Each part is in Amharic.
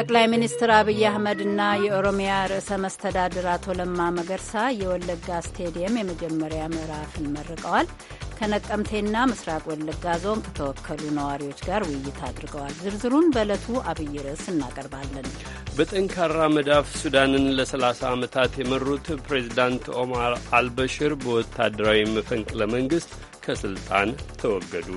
ጠቅላይ ሚኒስትር አብይ አህመድና የኦሮሚያ ርዕሰ መስተዳድር አቶ ለማ መገርሳ የወለጋ ስቴዲየም የመጀመሪያ ምዕራፍን መርቀዋል። ከነቀምቴና ምስራቅ ወለጋ ዞን ከተወከሉ ነዋሪዎች ጋር ውይይት አድርገዋል። ዝርዝሩን በዕለቱ አብይ ርዕስ እናቀርባለን። በጠንካራ መዳፍ ሱዳንን ለ30 ዓመታት የመሩት ፕሬዚዳንት ኦማር አልበሽር በወታደራዊ መፈንቅለ መንግሥት ከስልጣን ተወገዱ።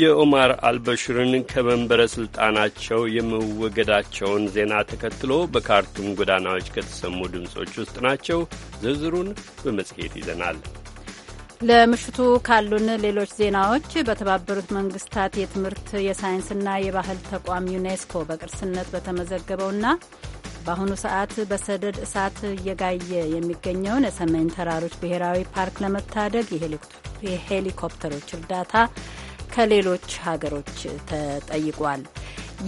የኦማር አልበሽርን ከመንበረ ስልጣናቸው የመወገዳቸውን ዜና ተከትሎ በካርቱም ጎዳናዎች ከተሰሙ ድምጾች ውስጥ ናቸው። ዝርዝሩን በመጽሔት ይዘናል። ለምሽቱ ካሉን ሌሎች ዜናዎች በተባበሩት መንግስታት የትምህርት የሳይንስና የባህል ተቋም ዩኔስኮ በቅርስነት በተመዘገበውና በአሁኑ ሰዓት በሰደድ እሳት እየጋየ የሚገኘውን የሰሜን ተራሮች ብሔራዊ ፓርክ ለመታደግ የሄሊኮፕተሮች እርዳታ ከሌሎች ሀገሮች ተጠይቋል።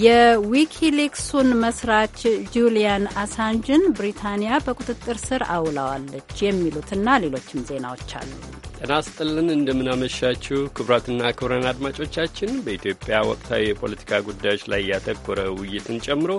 የዊኪሊክሱን መስራች ጁሊያን አሳንጅን ብሪታንያ በቁጥጥር ስር አውለዋለች የሚሉትና ሌሎችም ዜናዎች አሉ። ጤና ስጥልን እንደምናመሻችው ክቡራትና ክቡራን አድማጮቻችን በኢትዮጵያ ወቅታዊ የፖለቲካ ጉዳዮች ላይ ያተኮረ ውይይትን ጨምሮ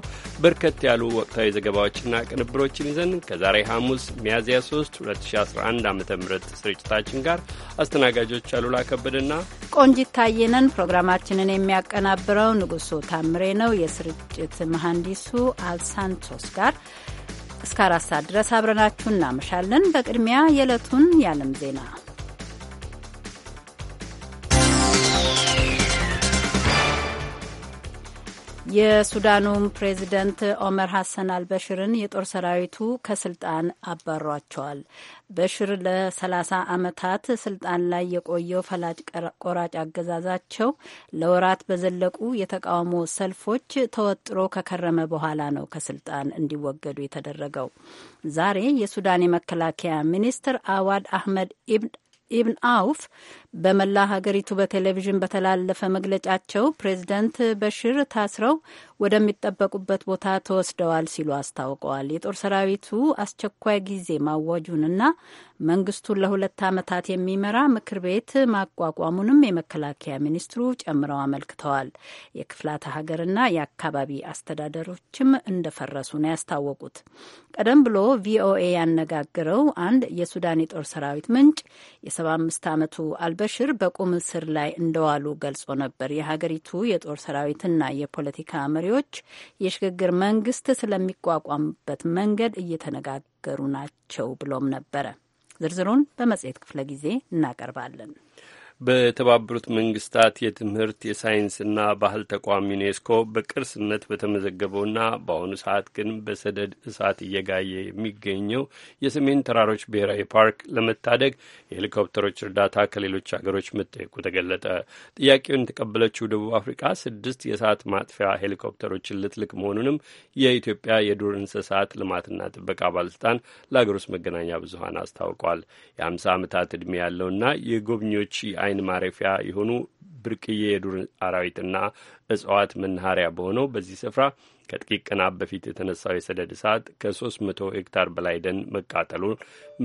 በርከት ያሉ ወቅታዊ ዘገባዎችና ቅንብሮችን ይዘን ከዛሬ ሐሙስ ሚያዝያ 3 2011 ዓ ም ስርጭታችን ጋር አስተናጋጆች አሉላ ከበደና ቆንጂት ታየነን። ፕሮግራማችንን የሚያቀናብረው ንጉሱ ታምሬ ነው። የስርጭት መሐንዲሱ አልሳንቶስ ጋር እስከ አራት ሰዓት ድረስ አብረናችሁ እናመሻለን። በቅድሚያ የዕለቱን የዓለም ዜና የሱዳኑም ፕሬዚደንት ኦመር ሐሰን አልበሽርን የጦር ሰራዊቱ ከስልጣን አባሯቸዋል። በሽር ለ30 ዓመታት ስልጣን ላይ የቆየው ፈላጭ ቆራጭ አገዛዛቸው ለወራት በዘለቁ የተቃውሞ ሰልፎች ተወጥሮ ከከረመ በኋላ ነው ከስልጣን እንዲወገዱ የተደረገው። ዛሬ የሱዳን የመከላከያ ሚኒስትር አዋድ አህመድ ኢብን አውፍ በመላ ሀገሪቱ በቴሌቪዥን በተላለፈ መግለጫቸው ፕሬዝደንት በሽር ታስረው ወደሚጠበቁበት ቦታ ተወስደዋል ሲሉ አስታውቀዋል። የጦር ሰራዊቱ አስቸኳይ ጊዜ ማዋጁንና መንግስቱን ለሁለት ዓመታት የሚመራ ምክር ቤት ማቋቋሙንም የመከላከያ ሚኒስትሩ ጨምረው አመልክተዋል። የክፍላተ ሀገርና የአካባቢ አስተዳደሮችም እንደፈረሱ ነው ያስታወቁት። ቀደም ብሎ ቪኦኤ ያነጋግረው አንድ የሱዳን የጦር ሰራዊት ምንጭ የ75 ዓመቱ አልበ በሽር በቁም እስር ላይ እንደዋሉ ገልጾ ነበር። የሀገሪቱ የጦር ሰራዊትና የፖለቲካ መሪዎች የሽግግር መንግስት ስለሚቋቋምበት መንገድ እየተነጋገሩ ናቸው ብሎም ነበረ። ዝርዝሩን በመጽሔት ክፍለ ጊዜ እናቀርባለን። በተባበሩት መንግስታት የትምህርት የሳይንስና ባህል ተቋም ዩኔስኮ በቅርስነት በተመዘገበውና በአሁኑ ሰዓት ግን በሰደድ እሳት እየጋየ የሚገኘው የሰሜን ተራሮች ብሔራዊ ፓርክ ለመታደግ የሄሊኮፕተሮች እርዳታ ከሌሎች ሀገሮች መጠየቁ ተገለጠ። ጥያቄውን የተቀበለችው ደቡብ አፍሪካ ስድስት የእሳት ማጥፊያ ሄሊኮፕተሮችን ልትልክ መሆኑንም የኢትዮጵያ የዱር እንስሳት ልማትና ጥበቃ ባለስልጣን ለሀገር ውስጥ መገናኛ ብዙሀን አስታውቋል። የአምሳ ዓመታት ዕድሜ ያለውና የጎብኚዎች አይን ማረፊያ የሆኑ ብርቅዬ የዱር አራዊትና እጽዋት መናኸሪያ በሆነው በዚህ ስፍራ ከጥቂት ቀናት በፊት የተነሳው የሰደድ እሳት ከ300 ሄክታር በላይ ደን መቃጠሉ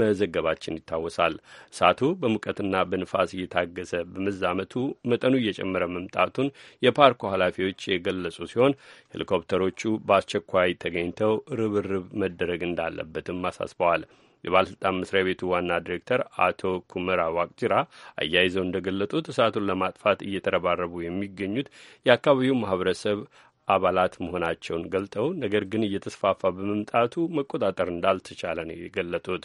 መዘገባችን ይታወሳል። እሳቱ በሙቀትና በንፋስ እየታገሰ በመዛመቱ መጠኑ እየጨመረ መምጣቱን የፓርኩ ኃላፊዎች የገለጹ ሲሆን ሄሊኮፕተሮቹ በአስቸኳይ ተገኝተው ርብርብ መደረግ እንዳለበትም አሳስበዋል። የባለስልጣን መስሪያ ቤቱ ዋና ዲሬክተር አቶ ኩመራ ዋቅጅራ አያይዘው እንደገለጡት እሳቱን ለማጥፋት እየተረባረቡ የሚገኙት የአካባቢው ማህበረሰብ አባላት መሆናቸውን ገልጠው ነገር ግን እየተስፋፋ በመምጣቱ መቆጣጠር እንዳልተቻለ ነው የገለጡት።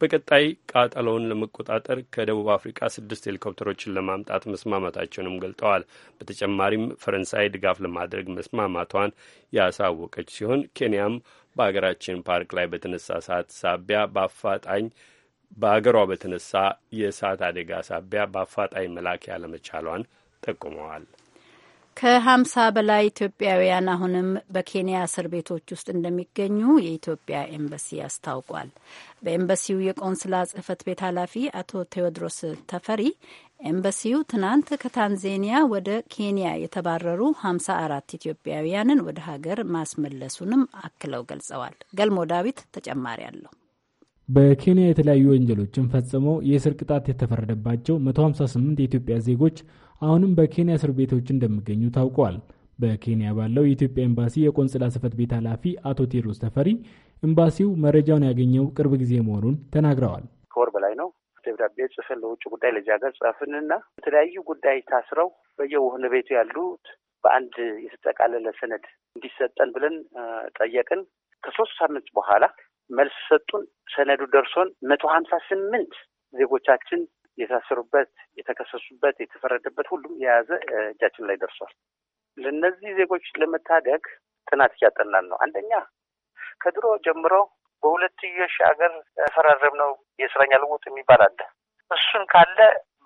በቀጣይ ቃጠሎውን ለመቆጣጠር ከደቡብ አፍሪካ ስድስት ሄሊኮፕተሮችን ለማምጣት መስማማታቸውንም ገልጠዋል። በተጨማሪም ፈረንሳይ ድጋፍ ለማድረግ መስማማቷን ያሳወቀች ሲሆን ኬንያም በሀገራችን ፓርክ ላይ በተነሳ እሳት ሳቢያ በአፋጣኝ በሀገሯ በተነሳ የእሳት አደጋ ሳቢያ በአፋጣኝ መላክ ያለመቻሏን ጠቁመዋል። ከሀምሳ በላይ ኢትዮጵያውያን አሁንም በኬንያ እስር ቤቶች ውስጥ እንደሚገኙ የኢትዮጵያ ኤምባሲ አስታውቋል። በኤምባሲው የቆንስላ ጽህፈት ቤት ኃላፊ አቶ ቴዎድሮስ ተፈሪ ኤምባሲው ትናንት ከታንዜኒያ ወደ ኬንያ የተባረሩ 54 ኢትዮጵያውያንን ወደ ሀገር ማስመለሱንም አክለው ገልጸዋል። ገልሞ ዳዊት ተጨማሪ አለው። በኬንያ የተለያዩ ወንጀሎችን ፈጽመው የእስር ቅጣት የተፈረደባቸው 158 የኢትዮጵያ ዜጎች አሁንም በኬንያ እስር ቤቶች እንደሚገኙ ታውቀዋል። በኬንያ ባለው የኢትዮጵያ ኤምባሲ የቆንጽላ ጽሕፈት ቤት ኃላፊ አቶ ቴድሮስ ተፈሪ ኤምባሲው መረጃውን ያገኘው ቅርብ ጊዜ መሆኑን ተናግረዋል። ከወር በላይ ነው ደብዳቤ ጽፈን ለውጭ ጉዳይ ለዚህ ሀገር ጻፍንና የተለያዩ ጉዳይ ታስረው በየወህኒ ቤቱ ያሉት በአንድ የተጠቃለለ ሰነድ እንዲሰጠን ብለን ጠየቅን። ከሶስት ሳምንት በኋላ መልስ ሰጡን። ሰነዱ ደርሶን መቶ ሀምሳ ስምንት ዜጎቻችን የታሰሩበት፣ የተከሰሱበት፣ የተፈረደበት ሁሉም የያዘ እጃችን ላይ ደርሷል። ለእነዚህ ዜጎች ለመታደግ ጥናት እያጠናን ነው። አንደኛ ከድሮ ጀምሮ በሁለትዮሽ ሀገር ነው የእስረኛ ልውውጥ የሚባል አለ። እሱን ካለ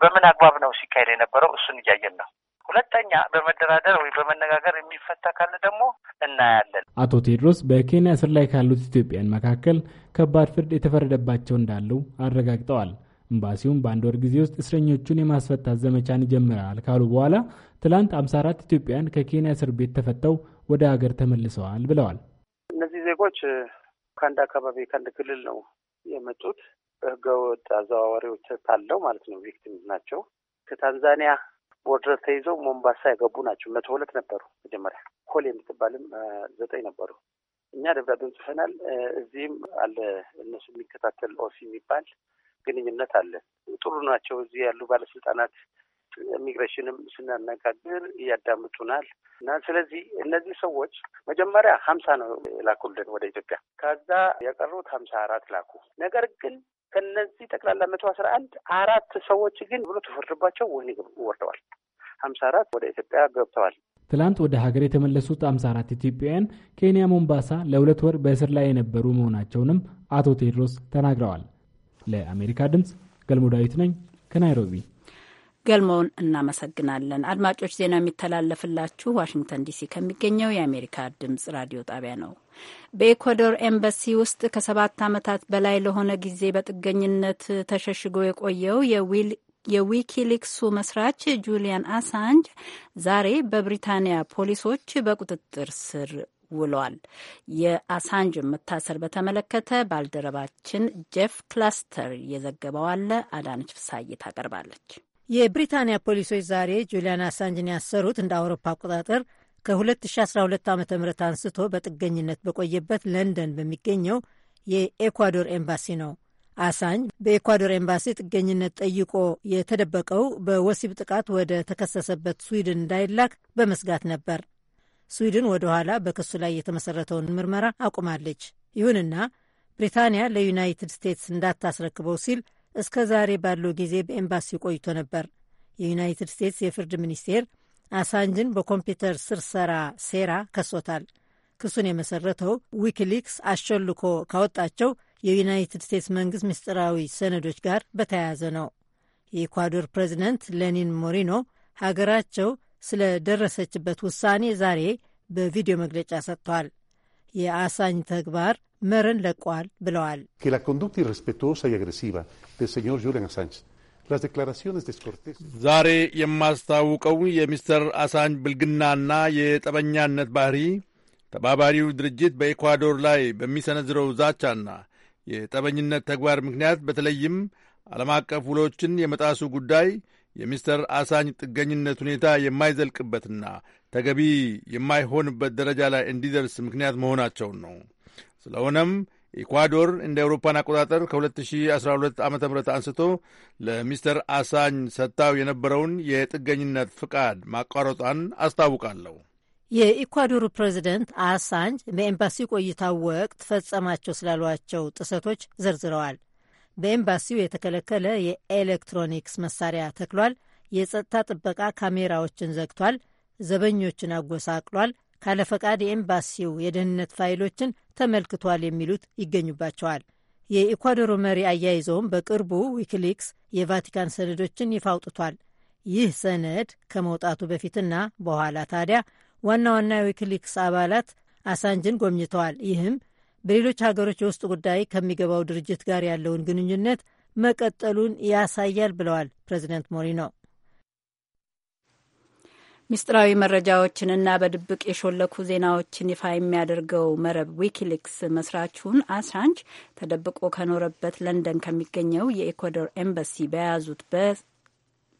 በምን አግባብ ነው ሲካሄድ የነበረው? እሱን እያየን ነው። ሁለተኛ በመደራደር ወይ በመነጋገር የሚፈታ ካለ ደግሞ እናያለን። አቶ ቴድሮስ በኬንያ እስር ላይ ካሉት ኢትዮጵያን መካከል ከባድ ፍርድ የተፈረደባቸው እንዳሉ አረጋግጠዋል። ኤምባሲውም በአንድ ወር ጊዜ ውስጥ እስረኞቹን የማስፈታት ዘመቻን ይጀምራል ካሉ በኋላ ትላንት 54 ኢትዮጵያን ከኬንያ እስር ቤት ተፈተው ወደ ሀገር ተመልሰዋል ብለዋል። እነዚህ ዜጎች ከአንድ አካባቢ ከአንድ ክልል ነው የመጡት። በህገወጥ አዘዋዋሪዎች ታለው ማለት ነው ቪክቲም ናቸው። ከታንዛኒያ ቦርደር ተይዘው ሞምባሳ የገቡ ናቸው። መቶ ሁለት ነበሩ መጀመሪያ። ኮል የምትባልም ዘጠኝ ነበሩ። እኛ ደብዳቤውን ጽፈናል። እዚህም አለ እነሱ የሚከታተል ኦሲ የሚባል ግንኙነት አለ። ጥሩ ናቸው። እዚህ ያሉ ባለስልጣናት ኢሚግሬሽንም ስናነጋግር እያዳምጡናል እና ስለዚህ እነዚህ ሰዎች መጀመሪያ ሀምሳ ነው የላኩልን ወደ ኢትዮጵያ። ከዛ የቀሩት ሀምሳ አራት ላኩ። ነገር ግን ከነዚህ ጠቅላላ መቶ አስራ አንድ አራት ሰዎች ግን ብሎ ተፈርድባቸው ወህኒ ወርደዋል። ሀምሳ አራት ወደ ኢትዮጵያ ገብተዋል። ትላንት ወደ ሀገር የተመለሱት አምሳ አራት ኢትዮጵያውያን ኬንያ ሞምባሳ ለሁለት ወር በእስር ላይ የነበሩ መሆናቸውንም አቶ ቴድሮስ ተናግረዋል። ለአሜሪካ ድምፅ ገልሞ ዳዊት ነኝ ከናይሮቢ ገልመውን እናመሰግናለን። አድማጮች ዜና የሚተላለፍላችሁ ዋሽንግተን ዲሲ ከሚገኘው የአሜሪካ ድምጽ ራዲዮ ጣቢያ ነው። በኤኳዶር ኤምባሲ ውስጥ ከሰባት ዓመታት በላይ ለሆነ ጊዜ በጥገኝነት ተሸሽጎ የቆየው የዊል የዊኪሊክሱ መስራች ጁሊያን አሳንጅ ዛሬ በብሪታንያ ፖሊሶች በቁጥጥር ስር ውሏል። የአሳንጅ መታሰር በተመለከተ ባልደረባችን ጄፍ ክላስተር የዘገበው አለ። አዳነች ፍሳይ ታቀርባለች። የብሪታንያ ፖሊሶች ዛሬ ጁሊያን አሳንጅን ያሰሩት እንደ አውሮፓ አቆጣጠር ከ2012 ዓ ም አንስቶ በጥገኝነት በቆየበት ለንደን በሚገኘው የኤኳዶር ኤምባሲ ነው። አሳንጅ በኤኳዶር ኤምባሲ ጥገኝነት ጠይቆ የተደበቀው በወሲብ ጥቃት ወደ ተከሰሰበት ስዊድን እንዳይላክ በመስጋት ነበር። ስዊድን ወደ ኋላ በክሱ ላይ የተመሰረተውን ምርመራ አቁማለች። ይሁንና ብሪታንያ ለዩናይትድ ስቴትስ እንዳታስረክበው ሲል እስከ ዛሬ ባለው ጊዜ በኤምባሲ ቆይቶ ነበር። የዩናይትድ ስቴትስ የፍርድ ሚኒስቴር አሳንጅን በኮምፒውተር ስር ሰራ ሴራ ከሶታል። ክሱን የመሰረተው ዊኪሊክስ አሸልኮ ካወጣቸው የዩናይትድ ስቴትስ መንግስት ምስጢራዊ ሰነዶች ጋር በተያያዘ ነው። የኢኳዶር ፕሬዚደንት ሌኒን ሞሪኖ ሀገራቸው ስለደረሰችበት ውሳኔ ዛሬ በቪዲዮ መግለጫ ሰጥተዋል። የአሳኝ ተግባር መረን ለቋል ብለዋል። ዛሬ የማስታውቀው የሚስተር አሳኝ ብልግናና የጠበኛነት ባህሪ ተባባሪው ድርጅት በኢኳዶር ላይ በሚሰነዝረው ዛቻና የጠበኝነት ተግባር ምክንያት በተለይም ዓለም አቀፍ ውሎችን የመጣሱ ጉዳይ የሚስተር አሳኝ ጥገኝነት ሁኔታ የማይዘልቅበትና ተገቢ የማይሆንበት ደረጃ ላይ እንዲደርስ ምክንያት መሆናቸውን ነው። ስለሆነም ኢኳዶር እንደ አውሮፓን አቆጣጠር ከ2012 ዓ ም አንስቶ ለሚስተር አሳኝ ሰጥታው የነበረውን የጥገኝነት ፍቃድ ማቋረጧን አስታውቃለሁ። የኢኳዶሩ ፕሬዚደንት አሳንጅ በኤምባሲ ቆይታው ወቅት ፈጸማቸው ስላሏቸው ጥሰቶች ዘርዝረዋል። በኤምባሲው የተከለከለ የኤሌክትሮኒክስ መሳሪያ ተክሏል። የጸጥታ ጥበቃ ካሜራዎችን ዘግቷል። ዘበኞችን አጎሳቅሏል። ካለፈቃድ የኤምባሲው የደህንነት ፋይሎችን ተመልክቷል የሚሉት ይገኙባቸዋል። የኢኳዶሩ መሪ አያይዘውም በቅርቡ ዊኪሊክስ የቫቲካን ሰነዶችን ይፋ አውጥቷል። ይህ ሰነድ ከመውጣቱ በፊትና በኋላ ታዲያ ዋና ዋና የዊኪሊክስ አባላት አሳንጅን ጎብኝተዋል። ይህም በሌሎች ሀገሮች የውስጥ ጉዳይ ከሚገባው ድርጅት ጋር ያለውን ግንኙነት መቀጠሉን ያሳያል ብለዋል ፕሬዚደንት ሞሪኖ። ሚስጥራዊ መረጃዎችንና በድብቅ የሾለኩ ዜናዎችን ይፋ የሚያደርገው መረብ ዊኪሊክስ መስራቹን አሳንጅ ተደብቆ ከኖረበት ለንደን ከሚገኘው የኢኳዶር ኤምባሲ በያዙት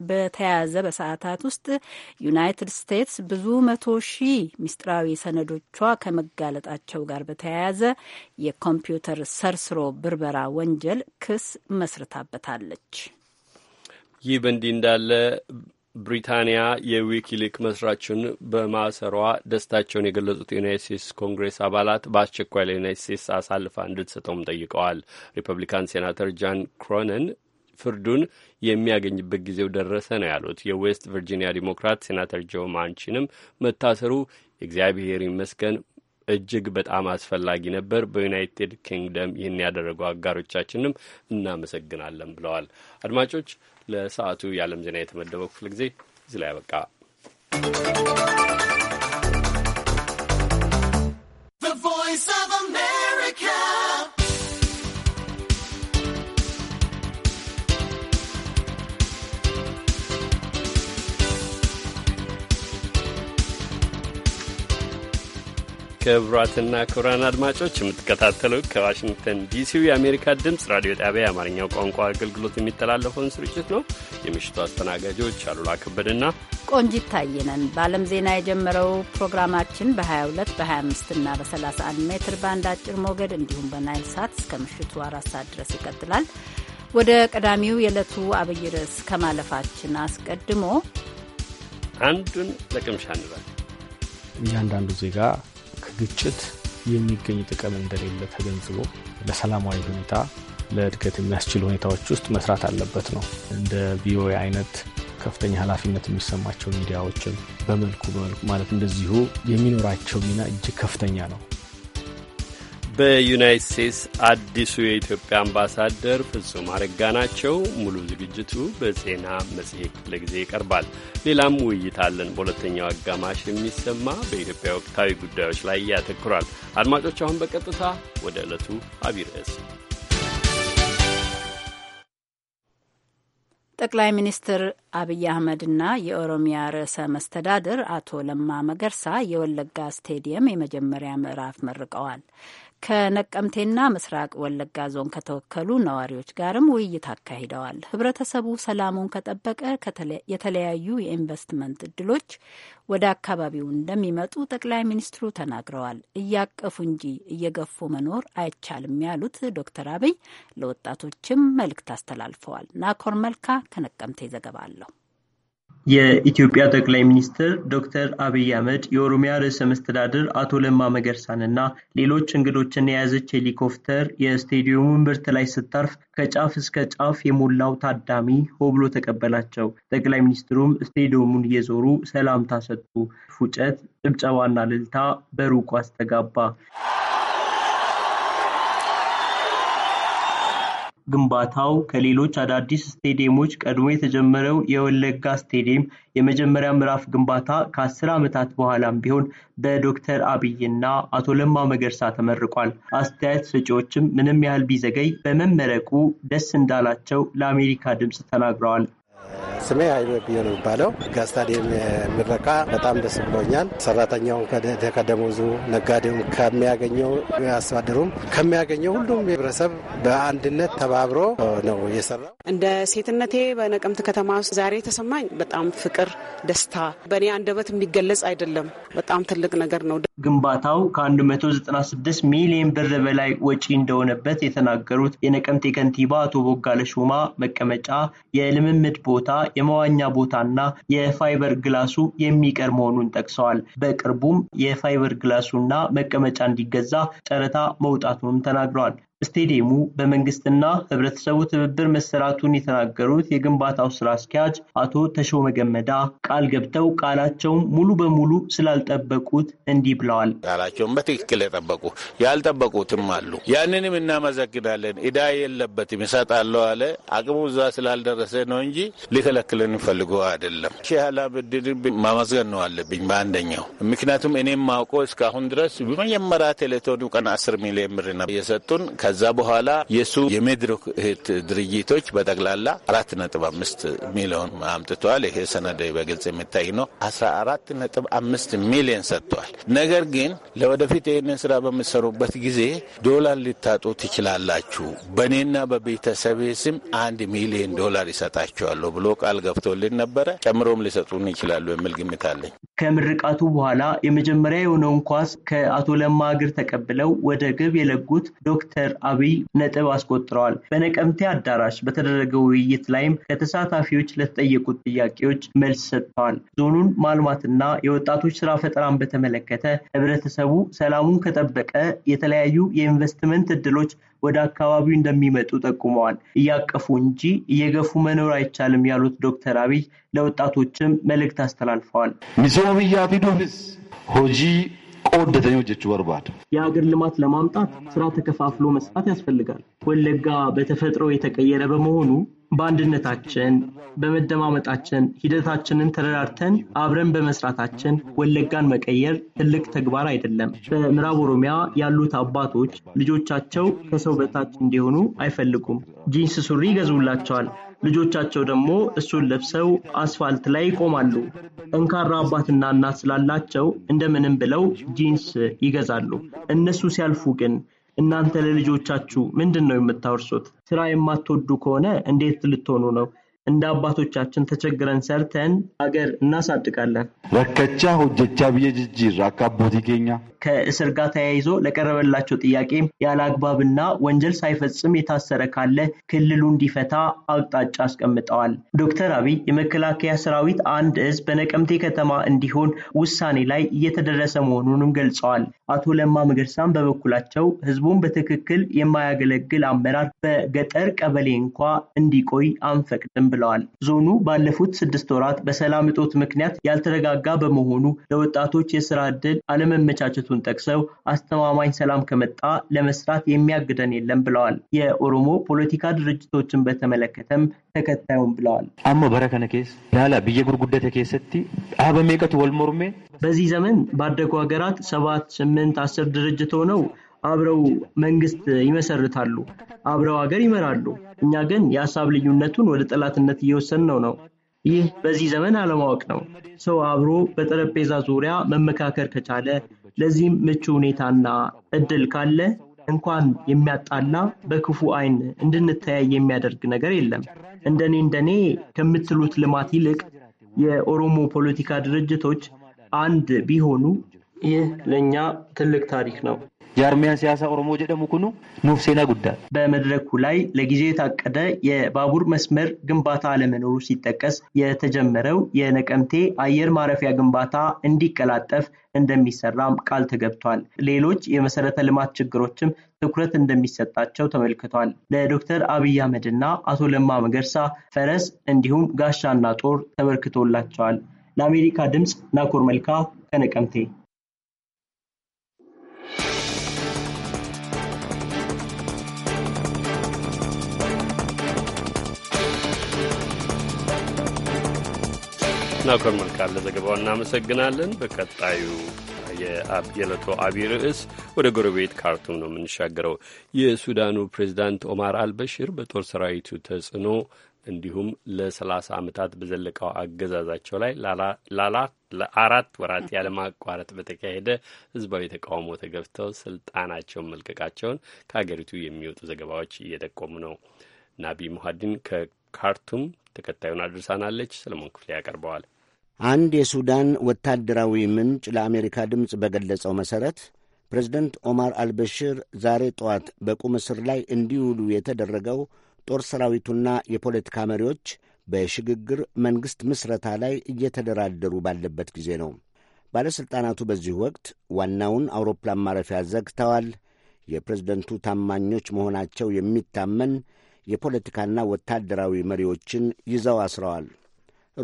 በተያያዘ በሰዓታት ውስጥ ዩናይትድ ስቴትስ ብዙ መቶ ሺህ ሚስጥራዊ ሰነዶቿ ከመጋለጣቸው ጋር በተያያዘ የኮምፒውተር ሰርስሮ ብርበራ ወንጀል ክስ መስርታበታለች። ይህ በእንዲህ እንዳለ ብሪታንያ የዊኪሊክ መስራችን በማሰሯ ደስታቸውን የገለጹት የዩናይት ስቴትስ ኮንግሬስ አባላት በአስቸኳይ ለዩናይት ስቴትስ አሳልፋ እንድትሰጠውም ጠይቀዋል። ሪፐብሊካን ሴናተር ጃን ክሮነን ፍርዱን የሚያገኝበት ጊዜው ደረሰ ነው ያሉት። የዌስት ቨርጂኒያ ዲሞክራት ሴናተር ጆ ማንቺንም መታሰሩ እግዚአብሔር ይመስገን እጅግ በጣም አስፈላጊ ነበር። በዩናይትድ ኪንግደም ይህን ያደረጉ አጋሮቻችንም እናመሰግናለን ብለዋል። አድማጮች፣ ለሰዓቱ የዓለም ዜና የተመደበው ክፍለ ጊዜ እዚህ ላይ you. ክቡራትና ክቡራን አድማጮች የምትከታተሉት ከዋሽንግተን ዲሲው የአሜሪካ ድምፅ ራዲዮ ጣቢያ የአማርኛው ቋንቋ አገልግሎት የሚተላለፈውን ስርጭት ነው። የምሽቱ አስተናጋጆች አሉላ ከበድና ቆንጂት ታየነን። በዓለም ዜና የጀመረው ፕሮግራማችን በ22 በ25 እና በ31 ሜትር ባንድ አጭር ሞገድ እንዲሁም በናይል ሳት እስከ ምሽቱ አራት ሰዓት ድረስ ይቀጥላል። ወደ ቀዳሚው የዕለቱ አብይ ርዕስ ከማለፋችን አስቀድሞ አንዱን ለቅምሻ እንበል እያንዳንዱ ዜጋ ግጭት የሚገኝ ጥቅም እንደሌለ ተገንዝቦ በሰላማዊ ሁኔታ ለእድገት የሚያስችል ሁኔታዎች ውስጥ መስራት አለበት ነው። እንደ ቪኦኤ አይነት ከፍተኛ ኃላፊነት የሚሰማቸው ሚዲያዎችም በመልኩ በመልኩ ማለት እንደዚሁ የሚኖራቸው ሚና እጅግ ከፍተኛ ነው። በዩናይት ስቴትስ አዲሱ የኢትዮጵያ አምባሳደር ፍጹም አረጋ ናቸው። ሙሉ ዝግጅቱ በዜና መጽሔት ክፍለ ጊዜ ይቀርባል። ሌላም ውይይት አለን። በሁለተኛው አጋማሽ የሚሰማ በኢትዮጵያ ወቅታዊ ጉዳዮች ላይ ያተኩራል። አድማጮች፣ አሁን በቀጥታ ወደ ዕለቱ አቢይ ርዕስ ጠቅላይ ሚኒስትር አብይ አህመድና የኦሮሚያ ርዕሰ መስተዳድር አቶ ለማ መገርሳ የወለጋ ስቴዲየም የመጀመሪያ ምዕራፍ መርቀዋል። ከነቀምቴና ምስራቅ ወለጋ ዞን ከተወከሉ ነዋሪዎች ጋርም ውይይት አካሂደዋል። ህብረተሰቡ ሰላሙን ከጠበቀ የተለያዩ የኢንቨስትመንት እድሎች ወደ አካባቢው እንደሚመጡ ጠቅላይ ሚኒስትሩ ተናግረዋል። እያቀፉ እንጂ እየገፉ መኖር አይቻልም ያሉት ዶክተር አብይ ለወጣቶችም መልእክት አስተላልፈዋል። ናኮር መልካ ከነቀምቴ ዘገባ አለሁ። የኢትዮጵያ ጠቅላይ ሚኒስትር ዶክተር አብይ አህመድ የኦሮሚያ ርዕሰ መስተዳድር አቶ ለማ መገርሳን እና ሌሎች እንግዶችን የያዘች ሄሊኮፕተር የስቴዲየሙ ብርት ላይ ስታርፍ ከጫፍ እስከ ጫፍ የሞላው ታዳሚ ሆ ብሎ ተቀበላቸው። ጠቅላይ ሚኒስትሩም ስቴዲየሙን እየዞሩ ሰላምታ ሰጡ። ፉጨት፣ ጭብጨባና ልልታ በሩቁ አስተጋባ። ግንባታው ከሌሎች አዳዲስ ስታዲየሞች ቀድሞ የተጀመረው የወለጋ ስታዲየም የመጀመሪያ ምዕራፍ ግንባታ ከአስር ዓመታት በኋላም ቢሆን በዶክተር አብይና አቶ ለማ መገርሳ ተመርቋል። አስተያየት ሰጪዎችም ምንም ያህል ቢዘገይ በመመረቁ ደስ እንዳላቸው ለአሜሪካ ድምፅ ተናግረዋል። ስሜ ሀይሉ ብዮ ነው የሚባለው። ስታዲየም የምረቃ በጣም ደስ ብሎኛል። ሰራተኛውን ከደሞዙ፣ ነጋዴውን ከሚያገኘው፣ አስተዳደሩም ከሚያገኘው፣ ሁሉም ህብረተሰብ በአንድነት ተባብሮ ነው የሰራው። እንደ ሴትነቴ በነቀምት ከተማ ውስጥ ዛሬ የተሰማኝ በጣም ፍቅር፣ ደስታ በእኔ አንደበት የሚገለጽ አይደለም። በጣም ትልቅ ነገር ነው። ግንባታው ከ196 ሚሊዮን ብር በላይ ወጪ እንደሆነበት የተናገሩት የነቀምቴ ከንቲባ አቶ ቦጋለ ሹማ መቀመጫ የልምምድ ቦታ የመዋኛ ቦታና የፋይበር ግላሱ የሚቀር መሆኑን ጠቅሰዋል። በቅርቡም የፋይበር ግላሱና መቀመጫ እንዲገዛ ጨረታ መውጣቱንም ተናግረዋል። ስቴዲየሙ በመንግስትና ህብረተሰቡ ትብብር መሰራቱን የተናገሩት የግንባታው ስራ አስኪያጅ አቶ ተሾመ ገመዳ ቃል ገብተው ቃላቸውን ሙሉ በሙሉ ስላልጠበቁት እንዲህ ብለዋል። ቃላቸውን በትክክል የጠበቁ ያልጠበቁትም አሉ። ያንንም እናመሰግናለን። እዳ የለበትም ይሰጣለሁ አለ። አቅሙ እዛ ስላልደረሰ ነው እንጂ ሊከለክልን ፈልጎ አይደለም። ሼህ አላሙዲን ማመስገን ነው አለብኝ በአንደኛው ምክንያቱም እኔም ማውቆ እስካሁን ድረስ በመጀመሪያ ቴሌቶኒ ቀን አስር ሚሊዮን ብር ነው የሰጡን ከዛ በኋላ የሱ የሜድሮክ እህት ድርጅቶች በጠቅላላ አራት ነጥብ አምስት ሚሊዮን አምጥተዋል። ይሄ ሰነድ በግልጽ የሚታይ ነው። አስራ አራት ነጥብ አምስት ሚሊዮን ሰጥተዋል። ነገር ግን ለወደፊት ይህንን ስራ በምትሰሩበት ጊዜ ዶላር ልታጡ ትችላላችሁ፣ በእኔና በቤተሰቤ ስም አንድ ሚሊዮን ዶላር ይሰጣችኋለሁ ብሎ ቃል ገብቶልን ነበረ። ጨምሮም ሊሰጡን ይችላሉ የሚል ግምት አለኝ። ከምርቃቱ በኋላ የመጀመሪያ የሆነውን ኳስ ከአቶ ለማ እግር ተቀብለው ወደ ግብ የለጉት ዶክተር አብይ ነጥብ አስቆጥረዋል። በነቀምቴ አዳራሽ በተደረገው ውይይት ላይም ከተሳታፊዎች ለተጠየቁት ጥያቄዎች መልስ ሰጥተዋል። ዞኑን ማልማትና የወጣቶች ስራ ፈጠራን በተመለከተ ህብረተሰቡ ሰላሙን ከጠበቀ የተለያዩ የኢንቨስትመንት እድሎች ወደ አካባቢው እንደሚመጡ ጠቁመዋል። እያቀፉ እንጂ እየገፉ መኖር አይቻልም ያሉት ዶክተር አብይ ለወጣቶችም መልእክት አስተላልፈዋል። ሚሶማ ብያ ሆጂ qooddatan hojjechuu በርባድ የሀገር ልማት ለማምጣት ስራ ተከፋፍሎ መስራት ያስፈልጋል። ወለጋ በተፈጥሮ የተቀየረ በመሆኑ በአንድነታችን በመደማመጣችን ሂደታችንን ተረዳርተን አብረን በመስራታችን ወለጋን መቀየር ትልቅ ተግባር አይደለም። በምዕራብ ኦሮሚያ ያሉት አባቶች ልጆቻቸው ከሰው በታች እንዲሆኑ አይፈልጉም። ጂንስ ሱሪ ይገዙላቸዋል። ልጆቻቸው ደግሞ እሱን ለብሰው አስፋልት ላይ ይቆማሉ። ጠንካራ አባትና እናት ስላላቸው እንደምንም ብለው ጂንስ ይገዛሉ። እነሱ ሲያልፉ ግን እናንተ ለልጆቻችሁ ምንድን ነው የምታወርሱት? ስራ የማትወዱ ከሆነ እንዴት ልትሆኑ ነው? እንደ አባቶቻችን ተቸግረን ሰርተን አገር እናሳድጋለን። ረከቻ ሁጀቻ ብዬ ጅጅር አካቦት ይገኛ ከእስር ጋር ተያይዞ ለቀረበላቸው ጥያቄ ያለ አግባብና ወንጀል ሳይፈጽም የታሰረ ካለ ክልሉ እንዲፈታ አቅጣጫ አስቀምጠዋል። ዶክተር አብይ የመከላከያ ሰራዊት አንድ እዝ በነቀምቴ ከተማ እንዲሆን ውሳኔ ላይ እየተደረሰ መሆኑንም ገልጸዋል። አቶ ለማ መገርሳም በበኩላቸው ህዝቡን በትክክል የማያገለግል አመራር በገጠር ቀበሌ እንኳ እንዲቆይ አንፈቅድም ብለዋል። ዞኑ ባለፉት ስድስት ወራት በሰላም እጦት ምክንያት ያልተረጋጋ በመሆኑ ለወጣቶች የስራ ዕድል አለመመቻቸቱ መገኘቱን ጠቅሰው አስተማማኝ ሰላም ከመጣ ለመስራት የሚያግደን የለም ብለዋል። የኦሮሞ ፖለቲካ ድርጅቶችን በተመለከተም ተከታዩም ብለዋል። አሞ በረከነ ኬስ ላላ ብየ ጉርጉደተ ኬሰቲ አበሜቀቱ ወልሞርሜ በዚህ ዘመን ባደጉ ሀገራት ሰባት፣ ስምንት፣ አስር ድርጅት ሆነው አብረው መንግስት ይመሰርታሉ፣ አብረው ሀገር ይመራሉ። እኛ ግን የሀሳብ ልዩነቱን ወደ ጠላትነት ነው ነው። ይህ በዚህ ዘመን አለማወቅ ነው። ሰው አብሮ በጠረጴዛ ዙሪያ መመካከር ከቻለ ለዚህም ምቹ ሁኔታና እድል ካለ እንኳን የሚያጣላ በክፉ አይን እንድንተያይ የሚያደርግ ነገር የለም። እንደኔ እንደኔ ከምትሉት ልማት ይልቅ የኦሮሞ ፖለቲካ ድርጅቶች አንድ ቢሆኑ ይህ ለእኛ ትልቅ ታሪክ ነው። የአርሚያን ሲያሳ ኦሮሞ ጀደሙ ኩኑ ኑፍ ሴና ጉዳይ በመድረኩ ላይ ለጊዜ የታቀደ የባቡር መስመር ግንባታ አለመኖሩ ሲጠቀስ የተጀመረው የነቀምቴ አየር ማረፊያ ግንባታ እንዲቀላጠፍ እንደሚሰራም ቃል ተገብቷል። ሌሎች የመሰረተ ልማት ችግሮችም ትኩረት እንደሚሰጣቸው ተመልክቷል። ለዶክተር አብይ አህመድ ና አቶ ለማ መገርሳ ፈረስ እንዲሁም ጋሻና ጦር ተበርክቶላቸዋል። ለአሜሪካ ድምፅ ናኮር መልካ ከነቀምቴ ናኮር መልካም ለዘገባው እናመሰግናለን። በቀጣዩ የዕለቱ አቢይ ርዕስ ወደ ጎረቤት ካርቱም ነው የምንሻገረው። የሱዳኑ ፕሬዚዳንት ኦማር አልበሽር በጦር ሰራዊቱ ተጽዕኖ እንዲሁም ለሰላሳ ዓመታት በዘለቀው አገዛዛቸው ላይ ለአራት ወራት ያለማቋረጥ በተካሄደ ህዝባዊ ተቃውሞ ተገብተው ስልጣናቸውን መልቀቃቸውን ከሀገሪቱ የሚወጡ ዘገባዎች እየጠቆሙ ነው። ናቢ ሙሀዲን ካርቱም ተከታዩን አድርሳናለች። ሰለሞን ክፍሌ ያቀርበዋል። አንድ የሱዳን ወታደራዊ ምንጭ ለአሜሪካ ድምፅ በገለጸው መሠረት ፕሬዝደንት ኦማር አልበሽር ዛሬ ጠዋት በቁም እስር ላይ እንዲውሉ የተደረገው ጦር ሰራዊቱና የፖለቲካ መሪዎች በሽግግር መንግሥት ምስረታ ላይ እየተደራደሩ ባለበት ጊዜ ነው። ባለሥልጣናቱ በዚህ ወቅት ዋናውን አውሮፕላን ማረፊያ ዘግተዋል። የፕሬዝደንቱ ታማኞች መሆናቸው የሚታመን የፖለቲካና ወታደራዊ መሪዎችን ይዘው አስረዋል።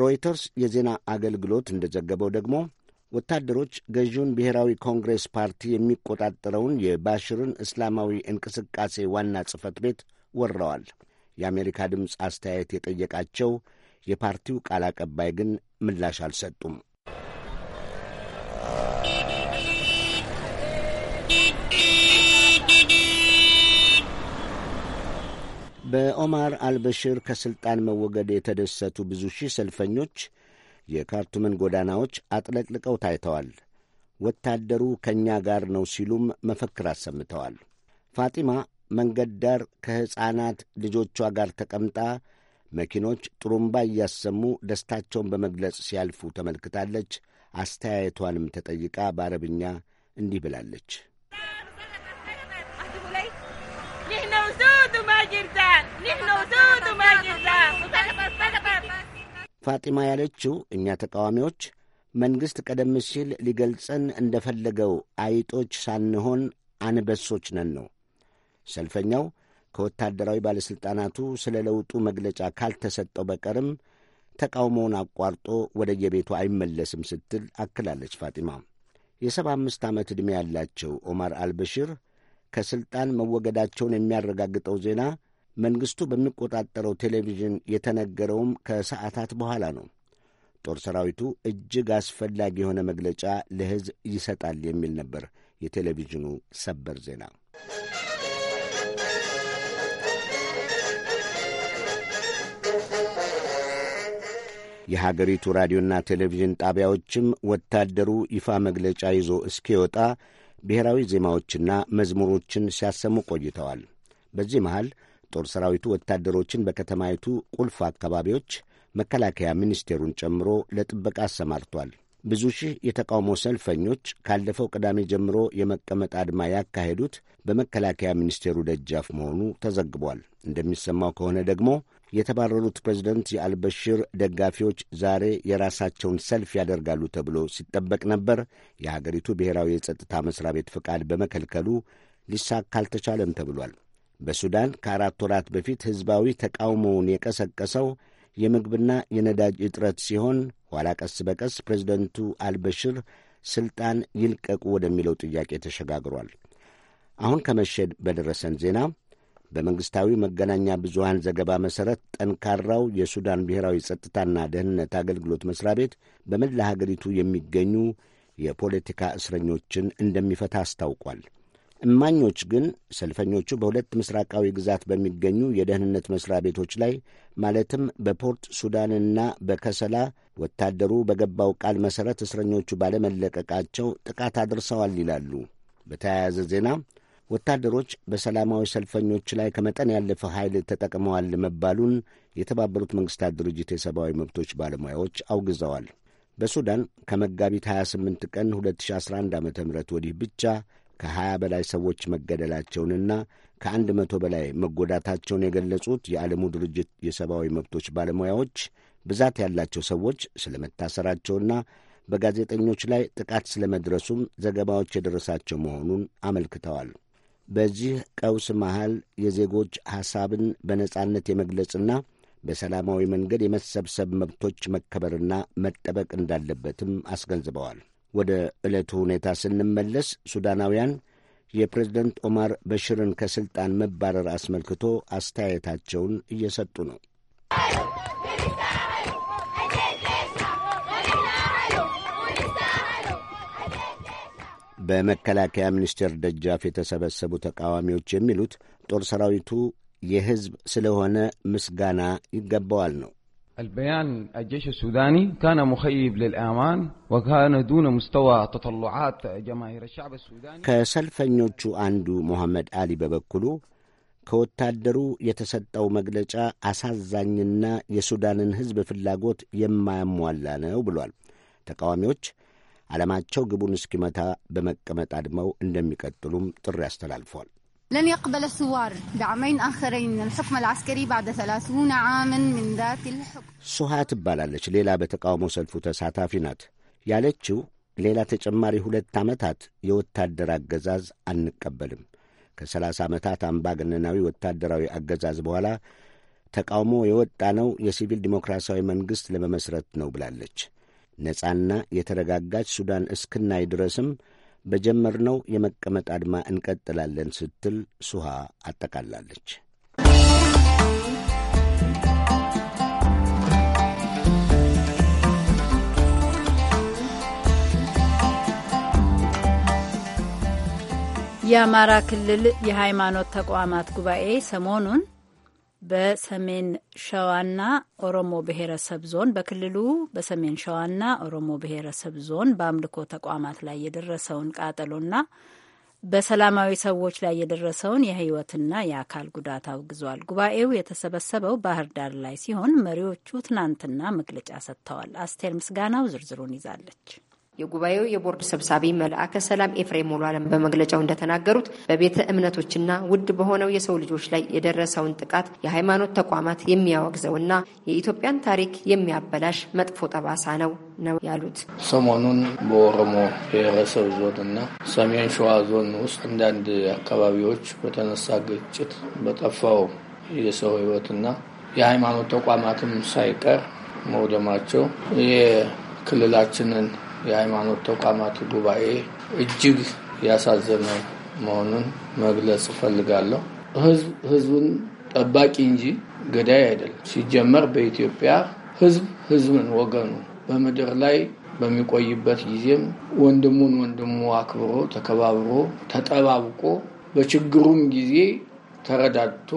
ሮይተርስ የዜና አገልግሎት እንደዘገበው ደግሞ ወታደሮች ገዢውን ብሔራዊ ኮንግሬስ ፓርቲ የሚቆጣጠረውን የባሽርን እስላማዊ እንቅስቃሴ ዋና ጽሕፈት ቤት ወርረዋል። የአሜሪካ ድምፅ አስተያየት የጠየቃቸው የፓርቲው ቃል አቀባይ ግን ምላሽ አልሰጡም። በኦማር አልበሽር ከሥልጣን መወገድ የተደሰቱ ብዙ ሺህ ሰልፈኞች የካርቱምን ጎዳናዎች አጥለቅልቀው ታይተዋል። ወታደሩ ከእኛ ጋር ነው ሲሉም መፈክር አሰምተዋል። ፋጢማ መንገድ ዳር ከሕፃናት ልጆቿ ጋር ተቀምጣ መኪኖች ጥሩምባ እያሰሙ ደስታቸውን በመግለጽ ሲያልፉ ተመልክታለች። አስተያየቷንም ተጠይቃ በአረብኛ እንዲህ ብላለች። ፋጢማ ያለችው እኛ ተቃዋሚዎች መንግሥት ቀደም ሲል ሊገልጸን እንደፈለገው አይጦች ሳንሆን አንበሶች ነን ነው። ሰልፈኛው ከወታደራዊ ባለሥልጣናቱ ስለ ለውጡ መግለጫ ካልተሰጠው በቀርም ተቃውሞውን አቋርጦ ወደ የቤቱ አይመለስም ስትል አክላለች ፋጢማ። የሰባ አምስት ዓመት ዕድሜ ያላቸው ኦማር አልበሽር። ከሥልጣን መወገዳቸውን የሚያረጋግጠው ዜና መንግሥቱ በሚቆጣጠረው ቴሌቪዥን የተነገረውም ከሰዓታት በኋላ ነው። ጦር ሰራዊቱ እጅግ አስፈላጊ የሆነ መግለጫ ለሕዝብ ይሰጣል የሚል ነበር የቴሌቪዥኑ ሰበር ዜና። የሀገሪቱ ራዲዮና ቴሌቪዥን ጣቢያዎችም ወታደሩ ይፋ መግለጫ ይዞ እስኪወጣ ብሔራዊ ዜማዎችና መዝሙሮችን ሲያሰሙ ቆይተዋል። በዚህ መሃል ጦር ሰራዊቱ ወታደሮችን በከተማይቱ ቁልፍ አካባቢዎች መከላከያ ሚኒስቴሩን ጨምሮ ለጥበቃ አሰማርቷል። ብዙ ሺህ የተቃውሞ ሰልፈኞች ካለፈው ቅዳሜ ጀምሮ የመቀመጥ አድማ ያካሄዱት በመከላከያ ሚኒስቴሩ ደጃፍ መሆኑ ተዘግቧል። እንደሚሰማው ከሆነ ደግሞ የተባረሩት ፕሬዝደንት የአልበሽር ደጋፊዎች ዛሬ የራሳቸውን ሰልፍ ያደርጋሉ ተብሎ ሲጠበቅ ነበር። የሀገሪቱ ብሔራዊ የጸጥታ መስሪያ ቤት ፍቃድ በመከልከሉ ሊሳካ አልተቻለም ተብሏል። በሱዳን ከአራት ወራት በፊት ሕዝባዊ ተቃውሞውን የቀሰቀሰው የምግብና የነዳጅ እጥረት ሲሆን ኋላ ቀስ በቀስ ፕሬዝደንቱ አልበሽር ስልጣን ይልቀቁ ወደሚለው ጥያቄ ተሸጋግሯል። አሁን ከመሸድ በደረሰን ዜና በመንግሥታዊ መገናኛ ብዙሃን ዘገባ መሠረት ጠንካራው የሱዳን ብሔራዊ ጸጥታና ደህንነት አገልግሎት መሥሪያ ቤት በመላ ሀገሪቱ የሚገኙ የፖለቲካ እስረኞችን እንደሚፈታ አስታውቋል። እማኞች ግን ሰልፈኞቹ በሁለት ምስራቃዊ ግዛት በሚገኙ የደህንነት መሥሪያ ቤቶች ላይ ማለትም በፖርት ሱዳንና በከሰላ ወታደሩ በገባው ቃል መሠረት እስረኞቹ ባለመለቀቃቸው ጥቃት አድርሰዋል ይላሉ። በተያያዘ ዜና ወታደሮች በሰላማዊ ሰልፈኞች ላይ ከመጠን ያለፈ ኃይል ተጠቅመዋል መባሉን የተባበሩት መንግስታት ድርጅት የሰብአዊ መብቶች ባለሙያዎች አውግዘዋል። በሱዳን ከመጋቢት 28 ቀን 2011 ዓ ም ወዲህ ብቻ ከ20 በላይ ሰዎች መገደላቸውንና ከ100 በላይ መጎዳታቸውን የገለጹት የዓለሙ ድርጅት የሰብአዊ መብቶች ባለሙያዎች ብዛት ያላቸው ሰዎች ስለ መታሰራቸውና በጋዜጠኞች ላይ ጥቃት ስለመድረሱም ዘገባዎች የደረሳቸው መሆኑን አመልክተዋል። በዚህ ቀውስ መሃል የዜጎች ሐሳብን በነጻነት የመግለጽና በሰላማዊ መንገድ የመሰብሰብ መብቶች መከበርና መጠበቅ እንዳለበትም አስገንዝበዋል። ወደ ዕለቱ ሁኔታ ስንመለስ ሱዳናውያን የፕሬዝደንት ኦማር በሽርን ከሥልጣን መባረር አስመልክቶ አስተያየታቸውን እየሰጡ ነው። በመከላከያ ሚኒስቴር ደጃፍ የተሰበሰቡ ተቃዋሚዎች የሚሉት ጦር ሰራዊቱ የሕዝብ ስለሆነ ምስጋና ይገባዋል ነው። አልበያን አልጀሽ ሱዳኒ ካነ ሙኸይብ ልልአማን ወካነ ዱነ ሙስተዋ ተጠሉዓት ጀማሂር ሻዕብ ሱዳኒ። ከሰልፈኞቹ አንዱ ሞሐመድ አሊ በበኩሉ ከወታደሩ የተሰጠው መግለጫ አሳዛኝና የሱዳንን ሕዝብ ፍላጎት የማያሟላ ነው ብሏል። ተቃዋሚዎች ዓላማቸው ግቡን እስኪመታ በመቀመጥ አድመው እንደሚቀጥሉም ጥሪ አስተላልፏል። ለን የቅበለ ስዋር ዳዕመይን አኸረይን ልሕክም ልዓስከሪ ባዕደ ሰላስሁነ ዓምን ምን ዛት ልሕክም ሱሃ ትባላለች። ሌላ በተቃውሞ ሰልፉ ተሳታፊ ናት። ያለችው ሌላ ተጨማሪ ሁለት ዓመታት የወታደር አገዛዝ አንቀበልም። ከሰላሳ ዓመታት አምባገነናዊ ወታደራዊ አገዛዝ በኋላ ተቃውሞ የወጣ ነው የሲቪል ዲሞክራሲያዊ መንግሥት ለመመስረት ነው ብላለች። ነጻና የተረጋጋች ሱዳን እስክናይ ድረስም በጀመርነው የመቀመጥ አድማ እንቀጥላለን ስትል ሱሃ አጠቃላለች። የአማራ ክልል የሃይማኖት ተቋማት ጉባኤ ሰሞኑን በሰሜን ሸዋና ኦሮሞ ብሔረሰብ ዞን በክልሉ በሰሜን ሸዋና ኦሮሞ ብሔረሰብ ዞን በአምልኮ ተቋማት ላይ የደረሰውን ቃጠሎና በሰላማዊ ሰዎች ላይ የደረሰውን የሕይወትና የአካል ጉዳት አውግዟል። ጉባኤው የተሰበሰበው ባህር ዳር ላይ ሲሆን መሪዎቹ ትናንትና መግለጫ ሰጥተዋል። አስቴር ምስጋናው ዝርዝሩን ይዛለች። የጉባኤው የቦርድ ሰብሳቢ መልአከ ሰላም ኤፍሬም ሙሉ አለም በመግለጫው እንደተናገሩት በቤተ እምነቶችና ውድ በሆነው የሰው ልጆች ላይ የደረሰውን ጥቃት የሃይማኖት ተቋማት የሚያወግዘውና የኢትዮጵያን ታሪክ የሚያበላሽ መጥፎ ጠባሳ ነው ነው ያሉት። ሰሞኑን በኦሮሞ ብሔረሰብ ዞን እና ሰሜን ሸዋ ዞን ውስጥ አንዳንድ አካባቢዎች በተነሳ ግጭት በጠፋው የሰው ህይወትና የሃይማኖት ተቋማትም ሳይቀር መውደማቸው የክልላችንን የሃይማኖት ተቋማቱ ጉባኤ እጅግ ያሳዘነ መሆኑን መግለጽ እፈልጋለሁ። ህዝብ ህዝቡን ጠባቂ እንጂ ገዳይ አይደለም። ሲጀመር በኢትዮጵያ ህዝብ ህዝብን ወገኑ በምድር ላይ በሚቆይበት ጊዜም ወንድሙን ወንድሙ አክብሮ ተከባብሮ ተጠባብቆ በችግሩም ጊዜ ተረዳድቶ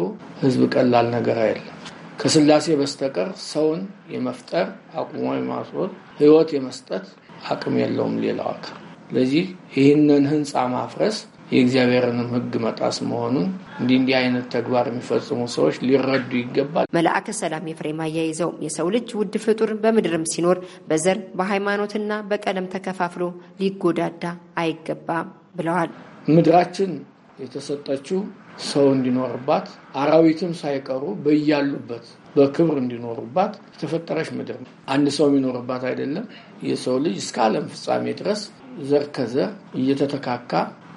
ህዝብ ቀላል ነገር አይደለም። ከስላሴ በስተቀር ሰውን የመፍጠር አቁሞ የማስወት ህይወት የመስጠት አቅም የለውም ሌላው አካል። ስለዚህ ይህንን ህንፃ ማፍረስ የእግዚአብሔርንም ህግ መጣስ መሆኑን እንዲህ እንዲህ አይነት ተግባር የሚፈጽሙ ሰዎች ሊረዱ ይገባል። መልአከ ሰላም የፍሬም አያይዘው የሰው ልጅ ውድ ፍጡር በምድርም ሲኖር በዘር በሃይማኖትና በቀለም ተከፋፍሎ ሊጎዳዳ አይገባም ብለዋል። ምድራችን የተሰጠችው ሰው እንዲኖርባት አራዊትም ሳይቀሩ በያሉበት በክብር እንዲኖሩባት የተፈጠረች ምድር ነው። አንድ ሰው የሚኖርባት አይደለም። የሰው ልጅ እስከ ዓለም ፍጻሜ ድረስ ዘር ከዘር እየተተካካ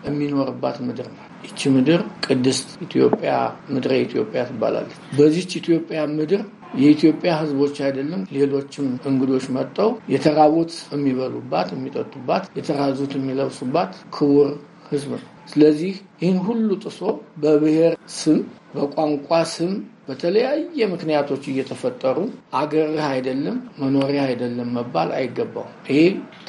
የሚኖርባት ምድር ነው። ይቺ ምድር ቅድስት ኢትዮጵያ ምድረ ኢትዮጵያ ትባላለች። በዚች ኢትዮጵያ ምድር የኢትዮጵያ ሕዝቦች አይደለም ሌሎችም እንግዶች መጥተው የተራቡት የሚበሉባት፣ የሚጠጡባት፣ የተራዙት የሚለብሱባት ክቡር ሕዝብ ነው። ስለዚህ ይህን ሁሉ ጥሶ በብሔር ስም በቋንቋ ስም በተለያየ ምክንያቶች እየተፈጠሩ አገርህ አይደለም መኖሪያ አይደለም መባል አይገባውም። ይሄ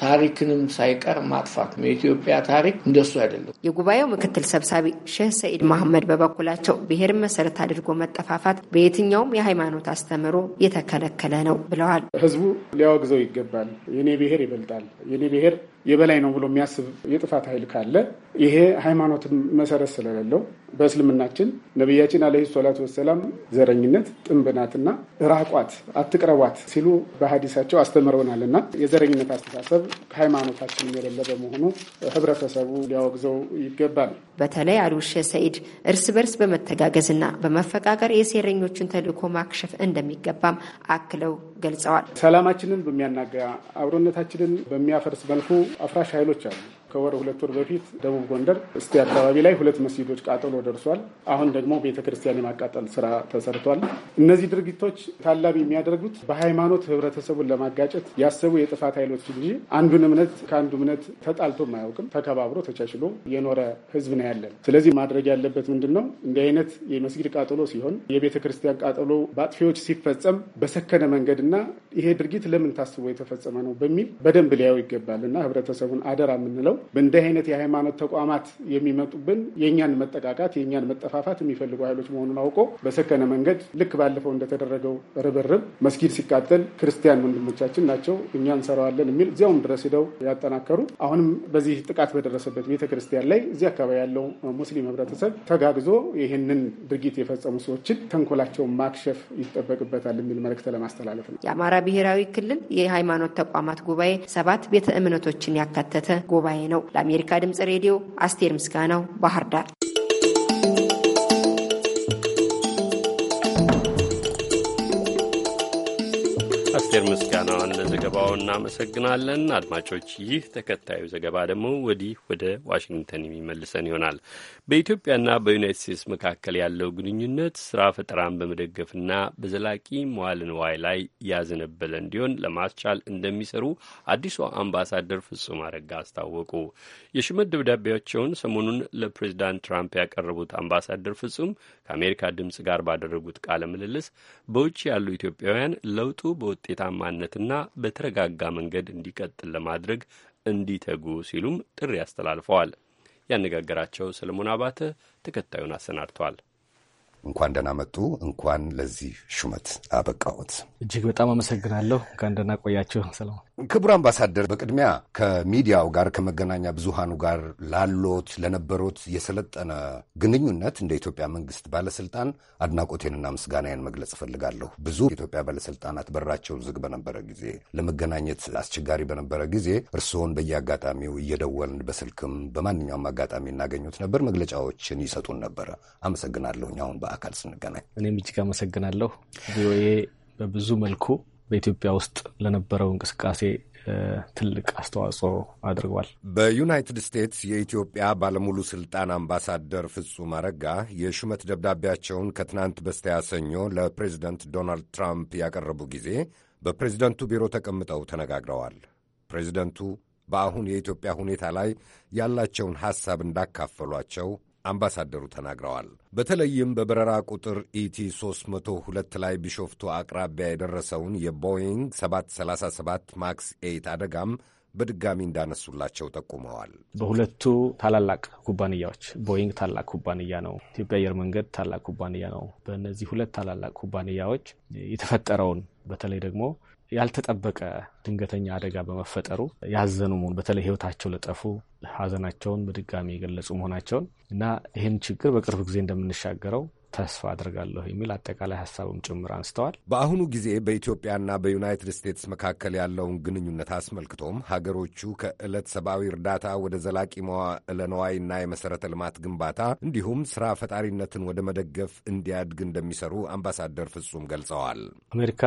ታሪክንም ሳይቀር ማጥፋት ነው። የኢትዮጵያ ታሪክ እንደሱ አይደለም። የጉባኤው ምክትል ሰብሳቢ ሼህ ሰኢድ መሐመድ በበኩላቸው ብሔርን መሰረት አድርጎ መጠፋፋት በየትኛውም የሃይማኖት አስተምህሮ የተከለከለ ነው ብለዋል። ህዝቡ ሊያወግዘው ይገባል። የኔ ብሔር ይበልጣል፣ የኔ ብሔር የበላይ ነው ብሎ የሚያስብ የጥፋት ኃይል ካለ ይሄ ሃይማኖት መሰረት ስለሌለው በእስልምናችን ነቢያችን አለይሂ ሰላቱ ወሰላም ዘረኝነት ጥንብናትና ራቋት አትቅረቧት ሲሉ በሀዲሳቸው አስተምረውናልና የዘረኝነት አስተሳሰብ ከሃይማኖታችን የሌለ በመሆኑ ህብረተሰቡ ሊያወግዘው ይገባል። በተለይ አሩሸ ሰኢድ እርስ በርስ በመተጋገዝና በመፈቃቀር የሴረኞችን ተልእኮ ማክሸፍ እንደሚገባም አክለው ገልጸዋል። ሰላማችንን በሚያናጋ አብሮነታችንን በሚያፈርስ መልኩ አፍራሽ ኃይሎች አሉ። ከወር ሁለት ወር በፊት ደቡብ ጎንደር እስቴ አካባቢ ላይ ሁለት መስጊዶች ቃጠሎ ደርሷል። አሁን ደግሞ ቤተክርስቲያን የማቃጠል ስራ ተሰርቷል። እነዚህ ድርጊቶች ታላቢ የሚያደርጉት በሃይማኖት ህብረተሰቡን ለማጋጨት ያሰቡ የጥፋት ኃይሎች እንጂ አንዱን እምነት ከአንዱ እምነት ተጣልቶ አያውቅም። ተከባብሮ ተቻችሎ የኖረ ህዝብ ነው ያለን። ስለዚህ ማድረግ ያለበት ምንድን ነው? እንዲህ አይነት የመስጊድ ቃጠሎ ሲሆን፣ የቤተክርስቲያን ቃጠሎ በአጥፊዎች ሲፈጸም በሰከነ መንገድና እና ይሄ ድርጊት ለምን ታስቦ የተፈጸመ ነው በሚል በደንብ ሊያው ይገባል እና ህብረተሰቡን አደራ የምንለው በእንዲህ አይነት የሃይማኖት ተቋማት የሚመጡብን የእኛን መጠቃቃት የእኛን መጠፋፋት የሚፈልጉ ኃይሎች መሆኑን አውቆ በሰከነ መንገድ ልክ ባለፈው እንደተደረገው ርብርብ መስጊድ ሲቃጠል ክርስቲያን ወንድሞቻችን ናቸው እኛ እንሰራዋለን የሚል እዚያውም ድረስ ሄደው ያጠናከሩ አሁንም በዚህ ጥቃት በደረሰበት ቤተክርስቲያን ላይ እዚህ አካባቢ ያለው ሙስሊም ህብረተሰብ ተጋግዞ ይህንን ድርጊት የፈጸሙ ሰዎችን ተንኮላቸውን ማክሸፍ ይጠበቅበታል የሚል መልእክት ለማስተላለፍ የአማራ ብሔራዊ ክልል የሃይማኖት ተቋማት ጉባኤ ሰባት ቤተ እምነቶችን ያካተተ ጉባኤ ነው። ለአሜሪካ ድምጽ ሬዲዮ አስቴር ምስጋናው ባህር ዳር። አስቴር ለዘገባው እናመሰግናለን። አድማጮች፣ ይህ ተከታዩ ዘገባ ደግሞ ወዲህ ወደ ዋሽንግተን የሚመልሰን ይሆናል። በኢትዮጵያና በዩናይት ስቴትስ መካከል ያለው ግንኙነት ስራ ፈጠራን በመደገፍና በዘላቂ መዋለ ንዋይ ላይ ያዘነበለ እንዲሆን ለማስቻል እንደሚሰሩ አዲሱ አምባሳደር ፍጹም አረጋ አስታወቁ። የሽመት ደብዳቤያቸውን ሰሞኑን ለፕሬዚዳንት ትራምፕ ያቀረቡት አምባሳደር ፍጹም ከአሜሪካ ድምፅ ጋር ባደረጉት ቃለ ምልልስ በውጭ ያሉ ኢትዮጵያውያን ለውጡ በውጤታማነትና በተ በተረጋጋ መንገድ እንዲቀጥል ለማድረግ እንዲተጉ ሲሉም ጥሪ አስተላልፈዋል። ያነጋገራቸው ሰለሞን አባተ ተከታዩን አሰናድተዋል። እንኳን ደህና መጡ። እንኳን ለዚህ ሹመት አበቃዎት። እጅግ በጣም አመሰግናለሁ። እንኳን ደህና ቆያችሁ ሰለሞን። ክቡር አምባሳደር በቅድሚያ ከሚዲያው ጋር ከመገናኛ ብዙሃኑ ጋር ላሎት ለነበሩት የሰለጠነ ግንኙነት እንደ ኢትዮጵያ መንግስት ባለስልጣን አድናቆቴንና ምስጋናዬን መግለጽ እፈልጋለሁ። ብዙ የኢትዮጵያ ባለስልጣናት በራቸው ዝግ በነበረ ጊዜ፣ ለመገናኘት አስቸጋሪ በነበረ ጊዜ እርስዎን በየአጋጣሚው እየደወልን በስልክም በማንኛውም አጋጣሚ እናገኙት ነበር፣ መግለጫዎችን ይሰጡን ነበረ። አመሰግናለሁኝ አሁን በአካል ስንገናኝ። እኔም እጅግ አመሰግናለሁ። ቪኦኤ በብዙ መልኩ በኢትዮጵያ ውስጥ ለነበረው እንቅስቃሴ ትልቅ አስተዋጽኦ አድርጓል። በዩናይትድ ስቴትስ የኢትዮጵያ ባለሙሉ ስልጣን አምባሳደር ፍጹም አረጋ የሹመት ደብዳቤያቸውን ከትናንት በስቲያ ሰኞ ለፕሬዚደንት ዶናልድ ትራምፕ ያቀረቡ ጊዜ በፕሬዚደንቱ ቢሮ ተቀምጠው ተነጋግረዋል። ፕሬዚደንቱ በአሁን የኢትዮጵያ ሁኔታ ላይ ያላቸውን ሐሳብ እንዳካፈሏቸው አምባሳደሩ ተናግረዋል። በተለይም በበረራ ቁጥር ኢቲ 302 ላይ ቢሾፍቱ አቅራቢያ የደረሰውን የቦይንግ 737 ማክስ 8 አደጋም በድጋሚ እንዳነሱላቸው ጠቁመዋል። በሁለቱ ታላላቅ ኩባንያዎች ቦይንግ ታላቅ ኩባንያ ነው፣ ኢትዮጵያ አየር መንገድ ታላቅ ኩባንያ ነው። በእነዚህ ሁለት ታላላቅ ኩባንያዎች የተፈጠረውን በተለይ ደግሞ ያልተጠበቀ ድንገተኛ አደጋ በመፈጠሩ ያዘኑ መሆን በተለይ ህይወታቸው ለጠፉ ሀዘናቸውን በድጋሚ የገለጹ መሆናቸውን እና ይህን ችግር በቅርብ ጊዜ እንደምንሻገረው ተስፋ አድርጋለሁ የሚል አጠቃላይ ሀሳቡም ጭምር አንስተዋል። በአሁኑ ጊዜ በኢትዮጵያና በዩናይትድ ስቴትስ መካከል ያለውን ግንኙነት አስመልክቶም ሀገሮቹ ከዕለት ሰብአዊ እርዳታ ወደ ዘላቂ መዋዕለ ነዋይና የመሠረተ ልማት ግንባታ እንዲሁም ስራ ፈጣሪነትን ወደ መደገፍ እንዲያድግ እንደሚሰሩ አምባሳደር ፍጹም ገልጸዋል። አሜሪካ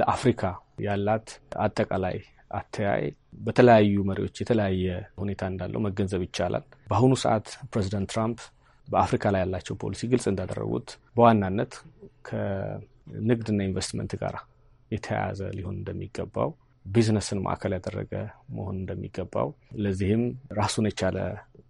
ለአፍሪካ ያላት አጠቃላይ አተያይ በተለያዩ መሪዎች የተለያየ ሁኔታ እንዳለው መገንዘብ ይቻላል። በአሁኑ ሰዓት ፕሬዚዳንት ትራምፕ በአፍሪካ ላይ ያላቸው ፖሊሲ ግልጽ እንዳደረጉት በዋናነት ከንግድና ኢንቨስትመንት ጋር የተያያዘ ሊሆን እንደሚገባው ቢዝነስን ማዕከል ያደረገ መሆን እንደሚገባው ለዚህም ራሱን የቻለ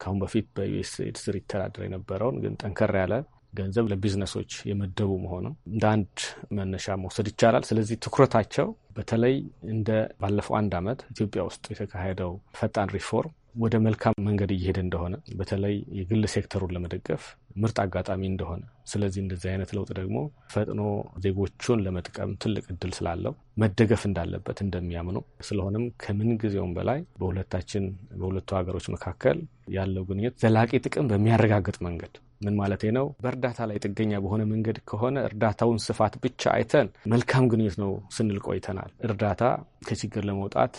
ከአሁን በፊት በዩኤስኤድ ስር ይተዳደር የነበረውን ግን ጠንከር ያለ ገንዘብ ለቢዝነሶች የመደቡ መሆኑ እንደ አንድ መነሻ መውሰድ ይቻላል። ስለዚህ ትኩረታቸው በተለይ እንደ ባለፈው አንድ ዓመት ኢትዮጵያ ውስጥ የተካሄደው ፈጣን ሪፎርም ወደ መልካም መንገድ እየሄደ እንደሆነ በተለይ የግል ሴክተሩን ለመደገፍ ምርጥ አጋጣሚ እንደሆነ፣ ስለዚህ እንደዚህ አይነት ለውጥ ደግሞ ፈጥኖ ዜጎቹን ለመጥቀም ትልቅ እድል ስላለው መደገፍ እንዳለበት እንደሚያምኑ ስለሆነም ከምን ጊዜውም በላይ በሁለታችን በሁለቱ ሀገሮች መካከል ያለው ግንኙነት ዘላቂ ጥቅም በሚያረጋግጥ መንገድ ምን ማለት ነው? በእርዳታ ላይ ጥገኛ በሆነ መንገድ ከሆነ እርዳታውን ስፋት ብቻ አይተን መልካም ግንኙነት ነው ስንል ቆይተናል። እርዳታ ከችግር ለመውጣት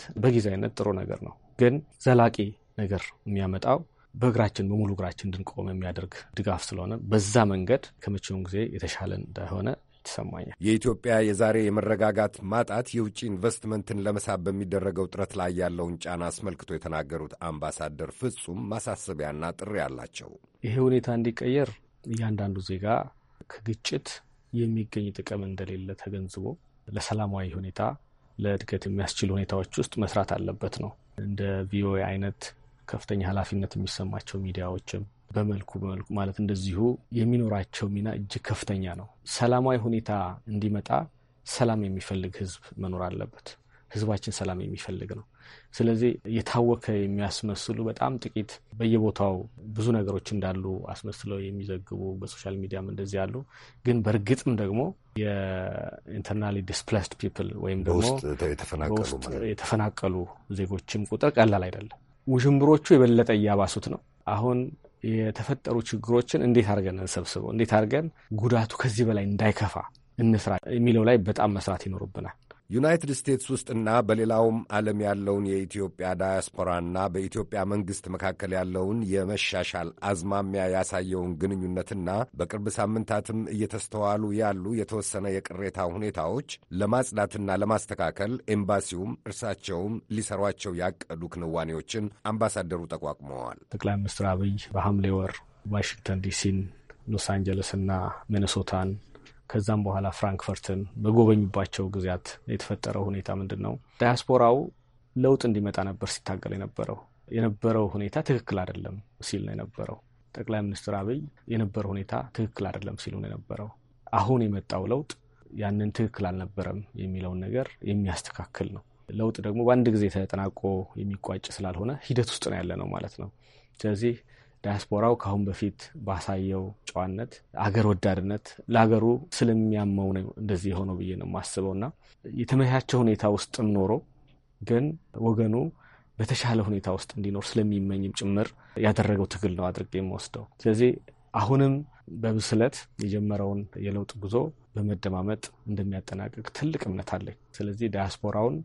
አይነት ጥሩ ነገር ነው፣ ግን ዘላቂ ነገር የሚያመጣው በእግራችን በሙሉ እግራችን እንድንቆም የሚያደርግ ድጋፍ ስለሆነ በዛ መንገድ ከመቼውም ጊዜ የተሻለ እንደሆነ ይሰማኛል። የኢትዮጵያ የዛሬ የመረጋጋት ማጣት የውጭ ኢንቨስትመንትን ለመሳብ በሚደረገው ጥረት ላይ ያለውን ጫና አስመልክቶ የተናገሩት አምባሳደር ፍጹም ማሳሰቢያና ጥሪ አላቸው። ይሄ ሁኔታ እንዲቀየር እያንዳንዱ ዜጋ ከግጭት የሚገኝ ጥቅም እንደሌለ ተገንዝቦ ለሰላማዊ ሁኔታ ለእድገት የሚያስችሉ ሁኔታዎች ውስጥ መስራት አለበት ነው እንደ ቪኦኤ አይነት ከፍተኛ ኃላፊነት የሚሰማቸው ሚዲያዎችም በመልኩ በመልኩ ማለት እንደዚሁ የሚኖራቸው ሚና እጅግ ከፍተኛ ነው። ሰላማዊ ሁኔታ እንዲመጣ ሰላም የሚፈልግ ህዝብ መኖር አለበት። ህዝባችን ሰላም የሚፈልግ ነው። ስለዚህ የታወከ የሚያስመስሉ በጣም ጥቂት በየቦታው ብዙ ነገሮች እንዳሉ አስመስለው የሚዘግቡ በሶሻል ሚዲያም እንደዚህ ያሉ ግን በእርግጥም ደግሞ የኢንተርናሊ ዲስፕላስድ ፒፕል ወይም ደግሞ የተፈናቀሉ ዜጎችም ቁጥር ቀላል አይደለም። ውዥንብሮቹ የበለጠ እያባሱት ነው። አሁን የተፈጠሩ ችግሮችን እንዴት አድርገን እንሰብስበው፣ እንዴት አድርገን ጉዳቱ ከዚህ በላይ እንዳይከፋ እንስራ የሚለው ላይ በጣም መስራት ይኖርብናል። ዩናይትድ ስቴትስ ውስጥና በሌላውም ዓለም ያለውን የኢትዮጵያ ዳያስፖራና በኢትዮጵያ መንግሥት መካከል ያለውን የመሻሻል አዝማሚያ ያሳየውን ግንኙነትና በቅርብ ሳምንታትም እየተስተዋሉ ያሉ የተወሰነ የቅሬታ ሁኔታዎች ለማጽዳትና ለማስተካከል ኤምባሲውም እርሳቸውም ሊሰሯቸው ያቀዱ ክንዋኔዎችን አምባሳደሩ ጠቋቁመዋል። ጠቅላይ ሚኒስትር አብይ በሐምሌ ወር ዋሽንግተን ዲሲን፣ ሎስ አንጀለስና ሚኒሶታን ከዛም በኋላ ፍራንክፈርትን በጎበኙባቸው ጊዜያት የተፈጠረው ሁኔታ ምንድን ነው? ዳያስፖራው ለውጥ እንዲመጣ ነበር ሲታገል የነበረው። የነበረው ሁኔታ ትክክል አይደለም ሲል ነው የነበረው። ጠቅላይ ሚኒስትር አብይ የነበረው ሁኔታ ትክክል አይደለም ሲሉ ነው የነበረው። አሁን የመጣው ለውጥ ያንን ትክክል አልነበረም የሚለውን ነገር የሚያስተካክል ነው። ለውጥ ደግሞ በአንድ ጊዜ ተጠናቆ የሚቋጭ ስላልሆነ ሂደት ውስጥ ነው ያለ ነው ማለት ነው። ስለዚህ ዳያስፖራው ከአሁን በፊት ባሳየው ጨዋነት፣ አገር ወዳድነት ለሀገሩ ስለሚያመው ነው እንደዚህ የሆነው ብዬ ነው የማስበው እና የተመቻቸ ሁኔታ ውስጥም ኖሮ ግን ወገኑ በተሻለ ሁኔታ ውስጥ እንዲኖር ስለሚመኝም ጭምር ያደረገው ትግል ነው አድርጌ የምወስደው። ስለዚህ አሁንም በብስለት የጀመረውን የለውጥ ጉዞ በመደማመጥ እንደሚያጠናቅቅ ትልቅ እምነት አለኝ። ስለዚህ ዳያስፖራውን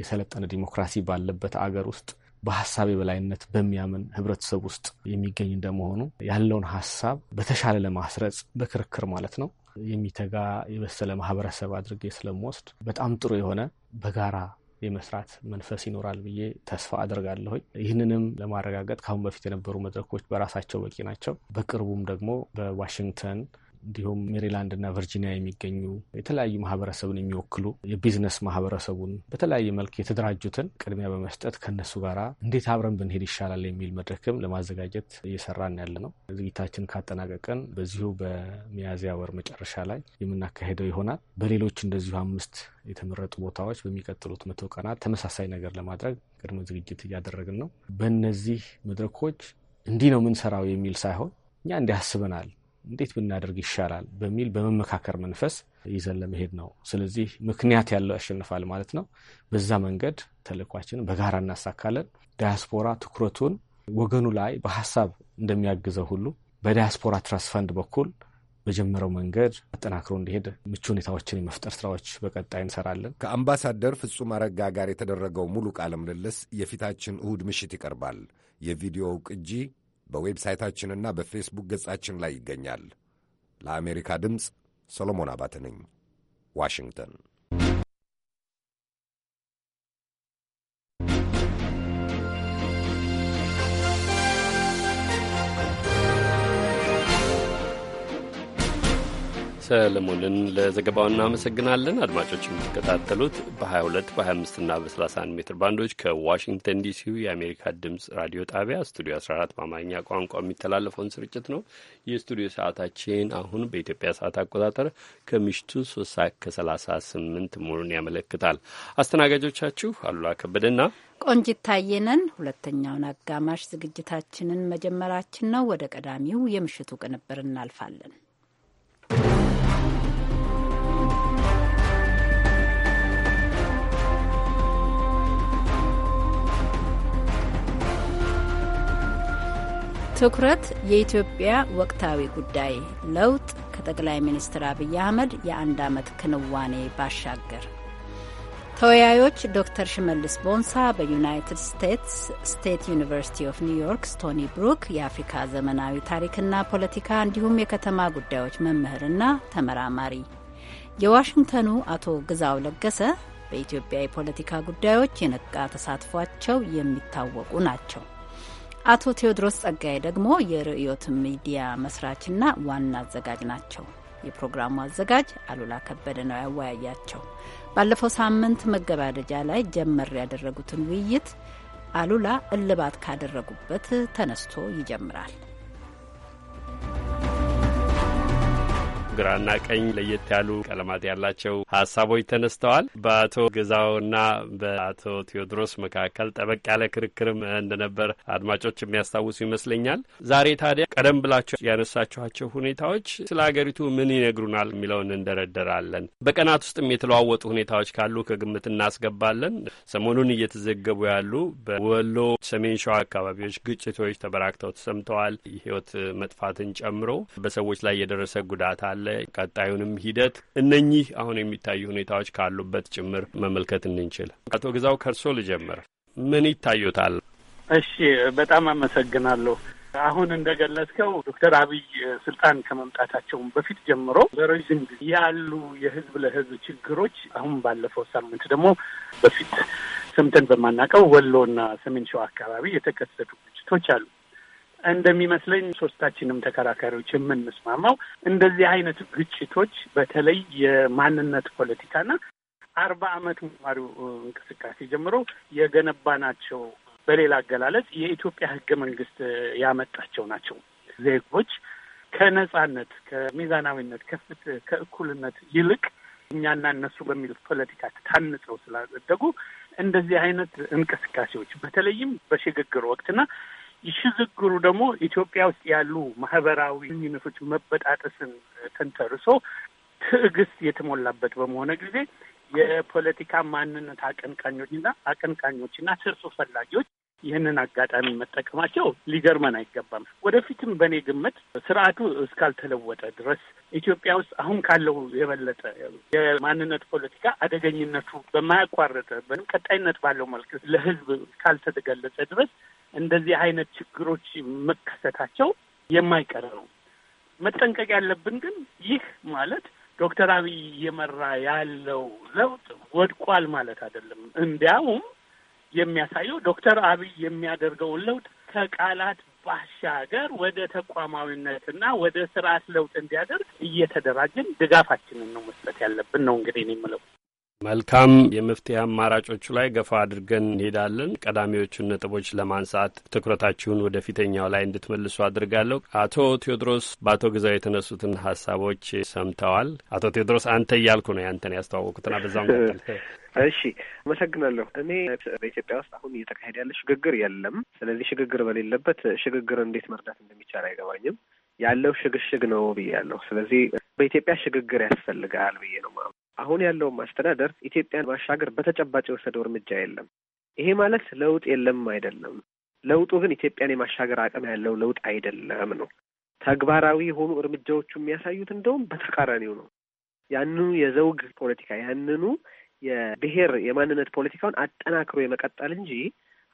የሰለጠነ ዲሞክራሲ ባለበት አገር ውስጥ በሀሳብ የበላይነት በሚያምን ህብረተሰብ ውስጥ የሚገኝ እንደመሆኑ ያለውን ሀሳብ በተሻለ ለማስረጽ በክርክር ማለት ነው የሚተጋ የበሰለ ማህበረሰብ አድርጌ ስለምወስድ በጣም ጥሩ የሆነ በጋራ የመስራት መንፈስ ይኖራል ብዬ ተስፋ አደርጋለሁኝ። ይህንንም ለማረጋገጥ ከአሁን በፊት የነበሩ መድረኮች በራሳቸው በቂ ናቸው። በቅርቡም ደግሞ በዋሽንግተን እንዲሁም ሜሪላንድ እና ቨርጂኒያ የሚገኙ የተለያዩ ማህበረሰብን የሚወክሉ የቢዝነስ ማህበረሰቡን በተለያየ መልክ የተደራጁትን ቅድሚያ በመስጠት ከነሱ ጋር እንዴት አብረን ብንሄድ ይሻላል የሚል መድረክም ለማዘጋጀት እየሰራን ያለ ነው። ዝግጅታችን ካጠናቀቀን በዚሁ በሚያዝያ ወር መጨረሻ ላይ የምናካሄደው ይሆናል። በሌሎች እንደዚሁ አምስት የተመረጡ ቦታዎች በሚቀጥሉት መቶ ቀናት ተመሳሳይ ነገር ለማድረግ ቅድመ ዝግጅት እያደረግን ነው። በእነዚህ መድረኮች እንዲህ ነው የምንሰራው የሚል ሳይሆን እኛ እንዲህ አስበናል እንዴት ብናደርግ ይሻላል በሚል በመመካከር መንፈስ ይዘን ለመሄድ ነው። ስለዚህ ምክንያት ያለው ያሸንፋል ማለት ነው። በዛ መንገድ ተልእኳችንን በጋራ እናሳካለን። ዳያስፖራ ትኩረቱን ወገኑ ላይ በሀሳብ እንደሚያግዘው ሁሉ በዳያስፖራ ትራስት ፈንድ በኩል በጀመረው መንገድ አጠናክሮ እንዲሄድ ምቹ ሁኔታዎችን የመፍጠር ስራዎች በቀጣይ እንሰራለን። ከአምባሳደር ፍጹም አረጋ ጋር የተደረገው ሙሉ ቃለ ምልልስ የፊታችን እሁድ ምሽት ይቀርባል። የቪዲዮው ቅጂ በዌብሳይታችንና በፌስቡክ ገጻችን ላይ ይገኛል። ለአሜሪካ ድምፅ ሰሎሞን አባተ ነኝ፣ ዋሽንግተን ሰለሞንን ለዘገባው እናመሰግናለን። አድማጮች የምትከታተሉት በ22 በ25ና በ31 ሜትር ባንዶች ከዋሽንግተን ዲሲው የአሜሪካ ድምፅ ራዲዮ ጣቢያ ስቱዲዮ 14 በአማርኛ ቋንቋ የሚተላለፈውን ስርጭት ነው። የስቱዲዮ ሰዓታችን አሁን በኢትዮጵያ ሰዓት አቆጣጠር ከምሽቱ 3 ሰዓት ከ38 መሆኑን ያመለክታል። አስተናጋጆቻችሁ አሉላ ከበደና ቆንጂት ታየነን ሁለተኛውን አጋማሽ ዝግጅታችንን መጀመራችን ነው። ወደ ቀዳሚው የምሽቱ ቅንብር እናልፋለን። ትኩረት የኢትዮጵያ ወቅታዊ ጉዳይ ለውጥ ከጠቅላይ ሚኒስትር አብይ አህመድ የአንድ ዓመት ክንዋኔ ባሻገር ተወያዮች ዶክተር ሽመልስ ቦንሳ በዩናይትድ ስቴትስ ስቴት ዩኒቨርሲቲ ኦፍ ኒውዮርክ ስቶኒ ብሩክ የአፍሪካ ዘመናዊ ታሪክና ፖለቲካ እንዲሁም የከተማ ጉዳዮች መምህርና ተመራማሪ፣ የዋሽንግተኑ አቶ ግዛው ለገሰ በኢትዮጵያ የፖለቲካ ጉዳዮች የነቃ ተሳትፏቸው የሚታወቁ ናቸው። አቶ ቴዎድሮስ ጸጋዬ ደግሞ የርዕዮት ሚዲያ መስራችና ዋና አዘጋጅ ናቸው። የፕሮግራሙ አዘጋጅ አሉላ ከበደ ነው ያወያያቸው። ባለፈው ሳምንት መገባደጃ ላይ ጀመር ያደረጉትን ውይይት አሉላ እልባት ካደረጉበት ተነስቶ ይጀምራል። ግራና ቀኝ ለየት ያሉ ቀለማት ያላቸው ሀሳቦች ተነስተዋል። በአቶ ግዛውና በአቶ ቴዎድሮስ መካከል ጠበቅ ያለ ክርክርም እንደነበር አድማጮች የሚያስታውሱ ይመስለኛል። ዛሬ ታዲያ ቀደም ብላቸው ያነሳችኋቸው ሁኔታዎች ስለ ሀገሪቱ ምን ይነግሩናል የሚለውን እንደረደራለን። በቀናት ውስጥም የተለዋወጡ ሁኔታዎች ካሉ ከግምት እናስገባለን። ሰሞኑን እየተዘገቡ ያሉ በወሎ ሰሜን ሸዋ አካባቢዎች ግጭቶች ተበራክተው ተሰምተዋል። የህይወት መጥፋትን ጨምሮ በሰዎች ላይ የደረሰ ጉዳት አለ። አለ። ቀጣዩንም ሂደት እነኚህ አሁን የሚታዩ ሁኔታዎች ካሉበት ጭምር መመልከት እንችል። አቶ ግዛው ከርሶ ልጀምር። ምን ይታዩታል? እሺ፣ በጣም አመሰግናለሁ። አሁን እንደገለጽከው ዶክተር አብይ ስልጣን ከመምጣታቸውን በፊት ጀምሮ በረዥም ጊዜ ያሉ የህዝብ ለህዝብ ችግሮች አሁን ባለፈው ሳምንት ደግሞ በፊት ሰምተን በማናውቀው ወሎና ሰሜን ሸዋ አካባቢ የተከሰቱ ግጭቶች አሉ። እንደሚመስለኝ ሶስታችንም ተከራካሪዎች የምንስማማው እንደዚህ አይነት ግጭቶች በተለይ የማንነት ፖለቲካና አርባ አመት ሟሪው እንቅስቃሴ ጀምሮ የገነባ ናቸው። በሌላ አገላለጽ የኢትዮጵያ ህገ መንግስት ያመጣቸው ናቸው። ዜጎች ከነጻነት፣ ከሚዛናዊነት፣ ከፍት ከእኩልነት ይልቅ እኛና እነሱ በሚል ፖለቲካ ታንጸው ስላደጉ እንደዚህ አይነት እንቅስቃሴዎች በተለይም በሽግግር ወቅትና ሽግግሩ ደግሞ ኢትዮጵያ ውስጥ ያሉ ማህበራዊ ግንኙነቶች መበጣጠስን ተንተርሶ ትዕግስት የተሞላበት በመሆነ ጊዜ የፖለቲካ ማንነት አቀንቃኞችና አቀንቃኞችና ትርፍ ፈላጊዎች ይህንን አጋጣሚ መጠቀማቸው ሊገርመን አይገባም። ወደፊትም በእኔ ግምት ስርዓቱ እስካልተለወጠ ድረስ ኢትዮጵያ ውስጥ አሁን ካለው የበለጠ የማንነት ፖለቲካ አደገኝነቱ በማያቋርጥ ቀጣይነት ባለው መልክ ለህዝብ እስካልተገለጸ ድረስ እንደዚህ አይነት ችግሮች መከሰታቸው የማይቀር ነው። መጠንቀቅ ያለብን ግን ይህ ማለት ዶክተር አብይ እየመራ ያለው ለውጥ ወድቋል ማለት አይደለም። እንዲያውም የሚያሳየው ዶክተር አብይ የሚያደርገውን ለውጥ ከቃላት ባሻገር ወደ ተቋማዊነትና ወደ ስርዓት ለውጥ እንዲያደርግ እየተደራጀን ድጋፋችንን ነው መስጠት ያለብን ነው እንግዲህ እኔ የምለው። መልካም የመፍትሄ አማራጮቹ ላይ ገፋ አድርገን እንሄዳለን። ቀዳሚዎቹን ነጥቦች ለማንሳት ትኩረታችሁን ወደ ፊተኛው ላይ እንድትመልሱ አድርጋለሁ። አቶ ቴዎድሮስ በአቶ ግዛው የተነሱትን ሀሳቦች ሰምተዋል። አቶ ቴዎድሮስ አንተ እያልኩ ነው ያንተን ያስተዋወቁትና በዛም ቀጥል። እሺ፣ አመሰግናለሁ። እኔ በኢትዮጵያ ውስጥ አሁን እየተካሄደ ያለ ሽግግር የለም። ስለዚህ ሽግግር በሌለበት ሽግግር እንዴት መርዳት እንደሚቻል አይገባኝም። ያለው ሽግሽግ ነው ብዬ ያለሁ። ስለዚህ በኢትዮጵያ ሽግግር ያስፈልጋል ብዬ አሁን ያለውም አስተዳደር ኢትዮጵያን ማሻገር በተጨባጭ የወሰደው እርምጃ የለም። ይሄ ማለት ለውጥ የለም አይደለም። ለውጡ ግን ኢትዮጵያን የማሻገር አቅም ያለው ለውጥ አይደለም ነው። ተግባራዊ የሆኑ እርምጃዎቹ የሚያሳዩት እንደውም በተቃራኒው ነው። ያንኑ የዘውግ ፖለቲካ ያንኑ የብሔር የማንነት ፖለቲካውን አጠናክሮ የመቀጠል እንጂ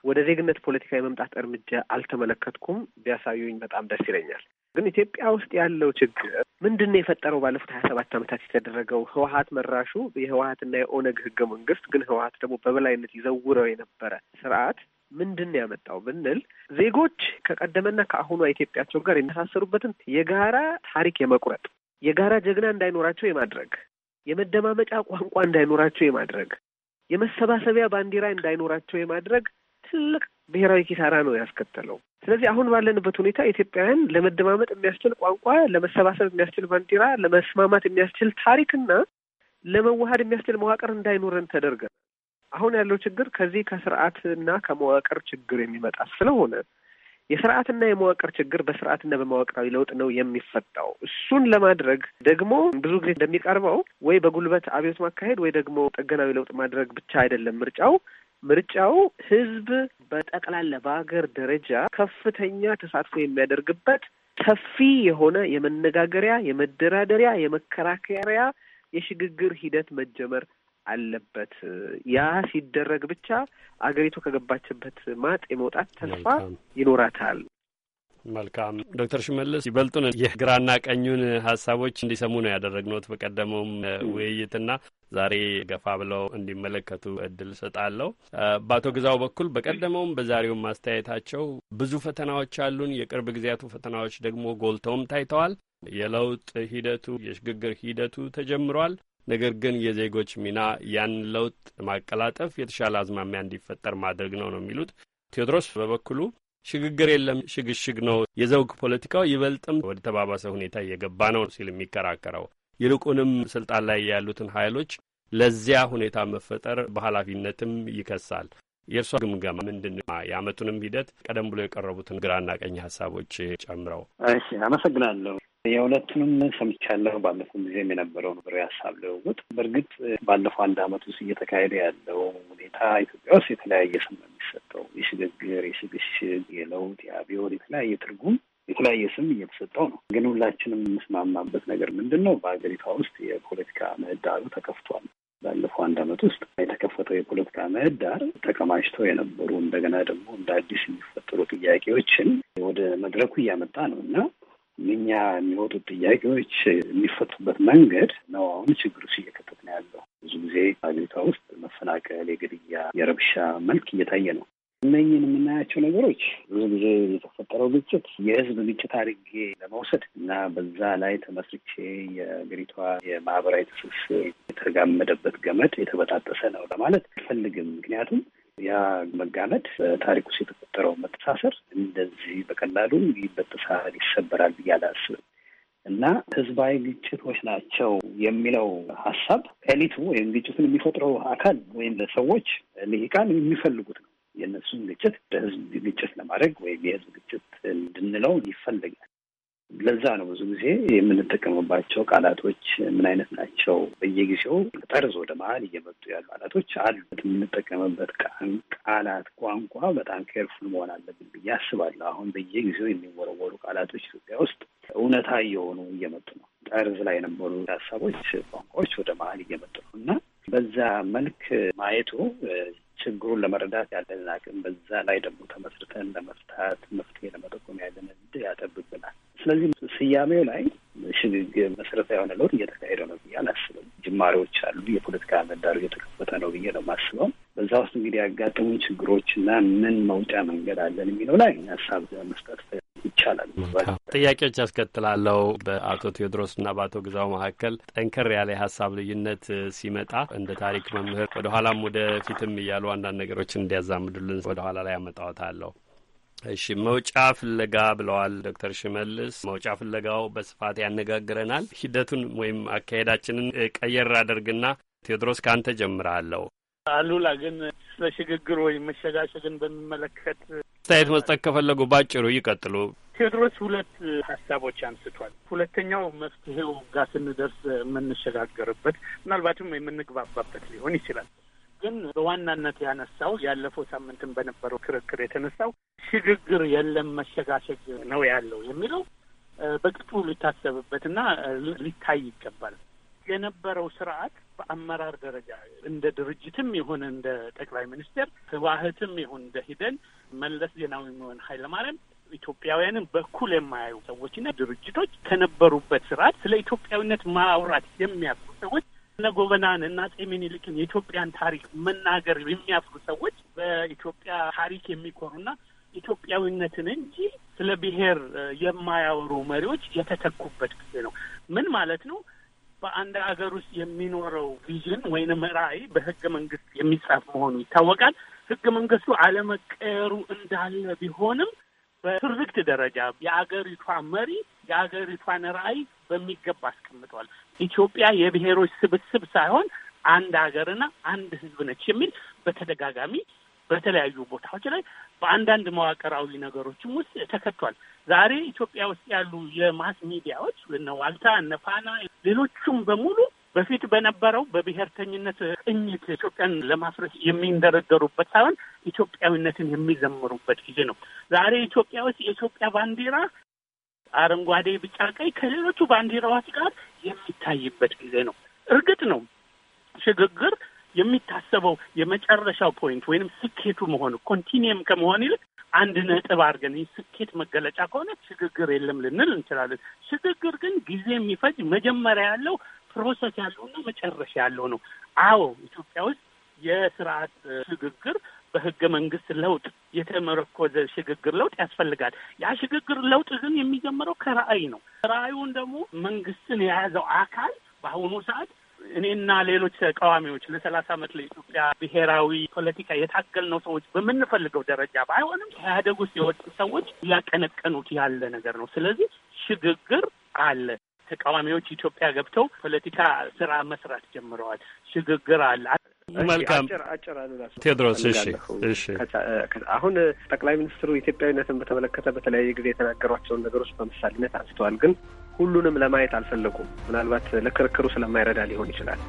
ወደ ዜግነት ፖለቲካ የመምጣት እርምጃ አልተመለከትኩም። ቢያሳዩኝ በጣም ደስ ይለኛል። ግን ኢትዮጵያ ውስጥ ያለው ችግር ምንድን ነው የፈጠረው? ባለፉት ሀያ ሰባት ዓመታት የተደረገው ህወሀት መራሹ የህወሀትና የኦነግ ህገ መንግስት ግን ህወሀት ደግሞ በበላይነት ይዘውረው የነበረ ስርዓት ምንድን ነው ያመጣው ብንል ዜጎች ከቀደመና ከአሁኗ ኢትዮጵያቸው ጋር የሚሳሰሩበትን የጋራ ታሪክ የመቁረጥ የጋራ ጀግና እንዳይኖራቸው የማድረግ የመደማመጫ ቋንቋ እንዳይኖራቸው የማድረግ የመሰባሰቢያ ባንዲራ እንዳይኖራቸው የማድረግ ትልቅ ብሔራዊ ኪሳራ ነው ያስከተለው። ስለዚህ አሁን ባለንበት ሁኔታ ኢትዮጵያውያን ለመደማመጥ የሚያስችል ቋንቋ፣ ለመሰባሰብ የሚያስችል ባንዲራ፣ ለመስማማት የሚያስችል ታሪክና ለመዋሃድ የሚያስችል መዋቅር እንዳይኖረን ተደርገናል። አሁን ያለው ችግር ከዚህ ከስርዓትና ከመዋቅር ችግር የሚመጣ ስለሆነ የስርዓትና የመዋቅር ችግር በስርዓትና በመዋቅራዊ ለውጥ ነው የሚፈታው። እሱን ለማድረግ ደግሞ ብዙ ጊዜ እንደሚቀርበው ወይ በጉልበት አብዮት ማካሄድ ወይ ደግሞ ጥገናዊ ለውጥ ማድረግ ብቻ አይደለም ምርጫው ምርጫው ህዝብ በጠቅላላ በሀገር ደረጃ ከፍተኛ ተሳትፎ የሚያደርግበት ሰፊ የሆነ የመነጋገሪያ፣ የመደራደሪያ፣ የመከራከሪያ የሽግግር ሂደት መጀመር አለበት። ያ ሲደረግ ብቻ አገሪቱ ከገባችበት ማጥ የመውጣት ተስፋ ይኖራታል። መልካም ዶክተር ሽመልስ ይበልጡን የግራና ቀኙን ሀሳቦች እንዲሰሙ ነው ያደረግነት በቀደመውም ውይይትና ዛሬ ገፋ ብለው እንዲመለከቱ እድል ሰጣለሁ። በአቶ ግዛው በኩል በቀደመውም በዛሬውም ማስተያየታቸው ብዙ ፈተናዎች አሉን። የቅርብ ጊዜያቱ ፈተናዎች ደግሞ ጎልተውም ታይተዋል። የለውጥ ሂደቱ የሽግግር ሂደቱ ተጀምሯል። ነገር ግን የዜጎች ሚና ያን ለውጥ ማቀላጠፍ የተሻለ አዝማሚያ እንዲፈጠር ማድረግ ነው ነው የሚሉት ቴዎድሮስ በበኩሉ ሽግግር የለም፣ ሽግሽግ ነው የዘውግ ፖለቲካው ይበልጥም ወደ ተባባሰ ሁኔታ እየገባ ነው ሲል የሚከራከረው ይልቁንም ስልጣን ላይ ያሉትን ኃይሎች ለዚያ ሁኔታ መፈጠር በኃላፊነትም ይከሳል። የእርሷ ግምገማ ምንድን ነው? ሂደት ቀደም ብሎ የቀረቡትን ግራና ቀኝ ሀሳቦች ጨምረው። እሺ፣ አመሰግናለሁ። የሁለቱንም ሰምቻለሁ። ባለፈው ጊዜም የነበረው ነገር የሀሳብ ልውውጥ በእርግጥ ባለፈው አንድ አመት ውስጥ እየተካሄደ ያለው ሁኔታ ኢትዮጵያ ውስጥ የተለያየ ስም የሚሰጠው የሽግግር፣ የስግሽግ፣ የለውጥ፣ የአብዮት የተለያየ ትርጉም የተለያየ ስም እየተሰጠው ነው። ግን ሁላችንም የምንስማማበት ነገር ምንድን ነው? በሀገሪቷ ውስጥ የፖለቲካ ምህዳሩ ተከፍቷል። ባለፈው አንድ አመት ውስጥ የተከፈተው የፖለቲካ ምህዳር ተቀማጭተው የነበሩ እንደገና ደግሞ እንደ አዲስ የሚፈጠሩ ጥያቄዎችን ወደ መድረኩ እያመጣ ነው እና እኛ የሚወጡት ጥያቄዎች የሚፈቱበት መንገድ ነው። አሁን ችግር ውስጥ እየከተት ነው ያለው። ብዙ ጊዜ አገሪቷ ውስጥ መፈናቀል፣ የግድያ፣ የረብሻ መልክ እየታየ ነው። እነኝን የምናያቸው ነገሮች ብዙ ጊዜ የተፈጠረው ግጭት የህዝብ ግጭት አድርጌ ለመውሰድ እና በዛ ላይ ተመስርቼ የሀገሪቷ የማህበራዊ ትስስር የተጋመደበት ገመድ የተበጣጠሰ ነው ለማለት አልፈልግም። ምክንያቱም ያ መጋመድ በታሪክ ውስጥ የተፈጠረው መተሳሰር እንደዚህ በቀላሉ ይበጥሳል፣ ይሰበራል ብዬ አላስብም እና ህዝባዊ ግጭቶች ናቸው የሚለው ሀሳብ ኤሊቱ ወይም ግጭቱን የሚፈጥረው አካል ወይም ለሰዎች ልሂቃን የሚፈልጉት ነው። የእነሱን ግጭት በህዝብ ግጭት ለማድረግ ወይም የህዝብ ግጭት እንድንለው ይፈልጋል። ለዛ ነው ብዙ ጊዜ የምንጠቀምባቸው ቃላቶች ምን አይነት ናቸው? በየጊዜው ጠርዝ ወደ መሀል እየመጡ ያሉ ቃላቶች አሉ። የምንጠቀምበት ቃላት ቋንቋ በጣም ኬርፉል መሆን አለብን ብዬ አስባለሁ። አሁን በየጊዜው የሚወረወሩ ቃላቶች ኢትዮጵያ ውስጥ እውነታ እየሆኑ እየመጡ ነው። ጠርዝ ላይ የነበሩ ሀሳቦች፣ ቋንቋዎች ወደ መሀል እየመጡ ነው እና በዛ መልክ ማየቱ ችግሩን ለመረዳት ያለንን አቅም በዛ ላይ ደግሞ ተመስርተን ለመፍታት መፍትሄ ለመጠቆም ያለንን ያጠብብናል። ስለዚህ ስያሜው ላይ ሽግግር መሰረታዊ የሆነ ለውጥ እየተካሄደ ነው ብዬ አላስብም። ጅማሬዎች አሉ። የፖለቲካ ምህዳሩ እየተከፈተ ነው ብዬ ነው የማስበው። በዛ ውስጥ እንግዲህ ያጋጠሙ ችግሮች እና ምን መውጫ መንገድ አለን የሚለው ላይ ሀሳብ መስጠት ይቻላል። ጥያቄዎች ያስከትላለው በአቶ ቴዎድሮስ እና በአቶ ግዛው መካከል ጠንከር ያለ የሀሳብ ልዩነት ሲመጣ እንደ ታሪክ መምህር ወደኋላም ወደፊትም እያሉ አንዳንድ ነገሮችን እንዲያዛምዱልን ወደኋላ ላይ አመጣወታለሁ። እሺ መውጫ ፍለጋ ብለዋል ዶክተር ሽመልስ። መውጫ ፍለጋው በስፋት ያነጋግረናል። ሂደቱን ወይም አካሄዳችንን ቀየር አድርግና ቴዎድሮስ ከአንተ ጀምራለሁ። አሉላ ግን ስለ ሽግግር ወይም መሸጋሸግን በሚመለከት አስተያየት መስጠት ከፈለጉ ባጭሩ ይቀጥሉ። ቴዎድሮስ ሁለት ሀሳቦች አንስቷል። ሁለተኛው መፍትሄው ጋር ስንደርስ የምንሸጋገርበት ምናልባትም የምንግባባበት ሊሆን ይችላል። ግን በዋናነት ያነሳው ያለፈው ሳምንትም በነበረው ክርክር የተነሳው ሽግግር የለም መሸጋሸግ ነው ያለው የሚለው በቅጡ ሊታሰብበትና ሊታይ ይገባል። የነበረው ስርዓት በአመራር ደረጃ እንደ ድርጅትም ይሁን እንደ ጠቅላይ ሚኒስቴር ህወሓትም ይሁን እንደ ሂደን መለስ ዜናዊ የሚሆን ኃይለማርያም ኢትዮጵያውያንን በኩል የማያዩ ሰዎችና ድርጅቶች ከነበሩበት ስርዓት ስለ ኢትዮጵያዊነት ማውራት የሚያውቁ ሰዎች እነ ጎበናን እና አፄ ምኒልክን የኢትዮጵያን ታሪክ መናገር የሚያፍሩ ሰዎች በኢትዮጵያ ታሪክ የሚኮሩና ኢትዮጵያዊነትን እንጂ ስለ ብሔር የማያወሩ መሪዎች የተተኩበት ጊዜ ነው። ምን ማለት ነው? በአንድ ሀገር ውስጥ የሚኖረው ቪዥን ወይንም ራዕይ በህገ መንግስት የሚጻፍ መሆኑ ይታወቃል። ህገ መንግስቱ አለመቀየሩ እንዳለ ቢሆንም በትርክት ደረጃ የአገሪቷ መሪ የአገሪቷን ራዕይ በሚገባ አስቀምጠዋል። ኢትዮጵያ የብሔሮች ስብስብ ሳይሆን አንድ ሀገርና አንድ ህዝብ ነች የሚል በተደጋጋሚ በተለያዩ ቦታዎች ላይ በአንዳንድ መዋቅራዊ ነገሮችም ውስጥ ተከቷል። ዛሬ ኢትዮጵያ ውስጥ ያሉ የማስ ሚዲያዎች እነ ዋልታ፣ እነ ፋና፣ ሌሎቹም በሙሉ በፊት በነበረው በብሔርተኝነት ቅኝት ኢትዮጵያን ለማፍረስ የሚንደረደሩበት ሳይሆን ኢትዮጵያዊነትን የሚዘምሩበት ጊዜ ነው። ዛሬ ኢትዮጵያ ውስጥ የኢትዮጵያ ባንዲራ አረንጓዴ፣ ቢጫ፣ ቀይ ከሌሎቹ ባንዲራዎች ጋር የሚታይበት ጊዜ ነው። እርግጥ ነው ሽግግር የሚታሰበው የመጨረሻው ፖይንት ወይንም ስኬቱ መሆኑ ኮንቲኒየም ከመሆን ይልቅ አንድ ነጥብ አድርገን ስኬት መገለጫ ከሆነ ሽግግር የለም ልንል እንችላለን። ሽግግር ግን ጊዜ የሚፈጅ መጀመሪያ ያለው ፕሮሰስ ያለውና መጨረሻ ያለው ነው። አዎ ኢትዮጵያ ውስጥ የስርዓት ሽግግር በህገ መንግስት ለውጥ የተመረኮዘ ሽግግር ለውጥ ያስፈልጋል። ያ ሽግግር ለውጥ ግን የሚጀምረው ከራዕይ ነው። ራዕዩን ደግሞ መንግስትን የያዘው አካል በአሁኑ ሰዓት እኔና ሌሎች ተቃዋሚዎች ለሰላሳ ዓመት ለኢትዮጵያ ብሔራዊ ፖለቲካ የታገልነው ሰዎች በምንፈልገው ደረጃ ባይሆንም ኢህአዴግ ውስጥ የወጡ ሰዎች እያቀነቀኑት ያለ ነገር ነው። ስለዚህ ሽግግር አለ። ተቃዋሚዎች ኢትዮጵያ ገብተው ፖለቲካ ስራ መስራት ጀምረዋል። ሽግግር አለ። መልካም አጭር አሉላ ቴድሮስ። እሺ እሺ። አሁን ጠቅላይ ሚኒስትሩ ኢትዮጵያዊነትን በተመለከተ በተለያየ ጊዜ የተናገሯቸውን ነገሮች በምሳሌነት አንስተዋል። ግን ሁሉንም ለማየት አልፈለጉም። ምናልባት ለክርክሩ ስለማይረዳ ሊሆን ይችላል።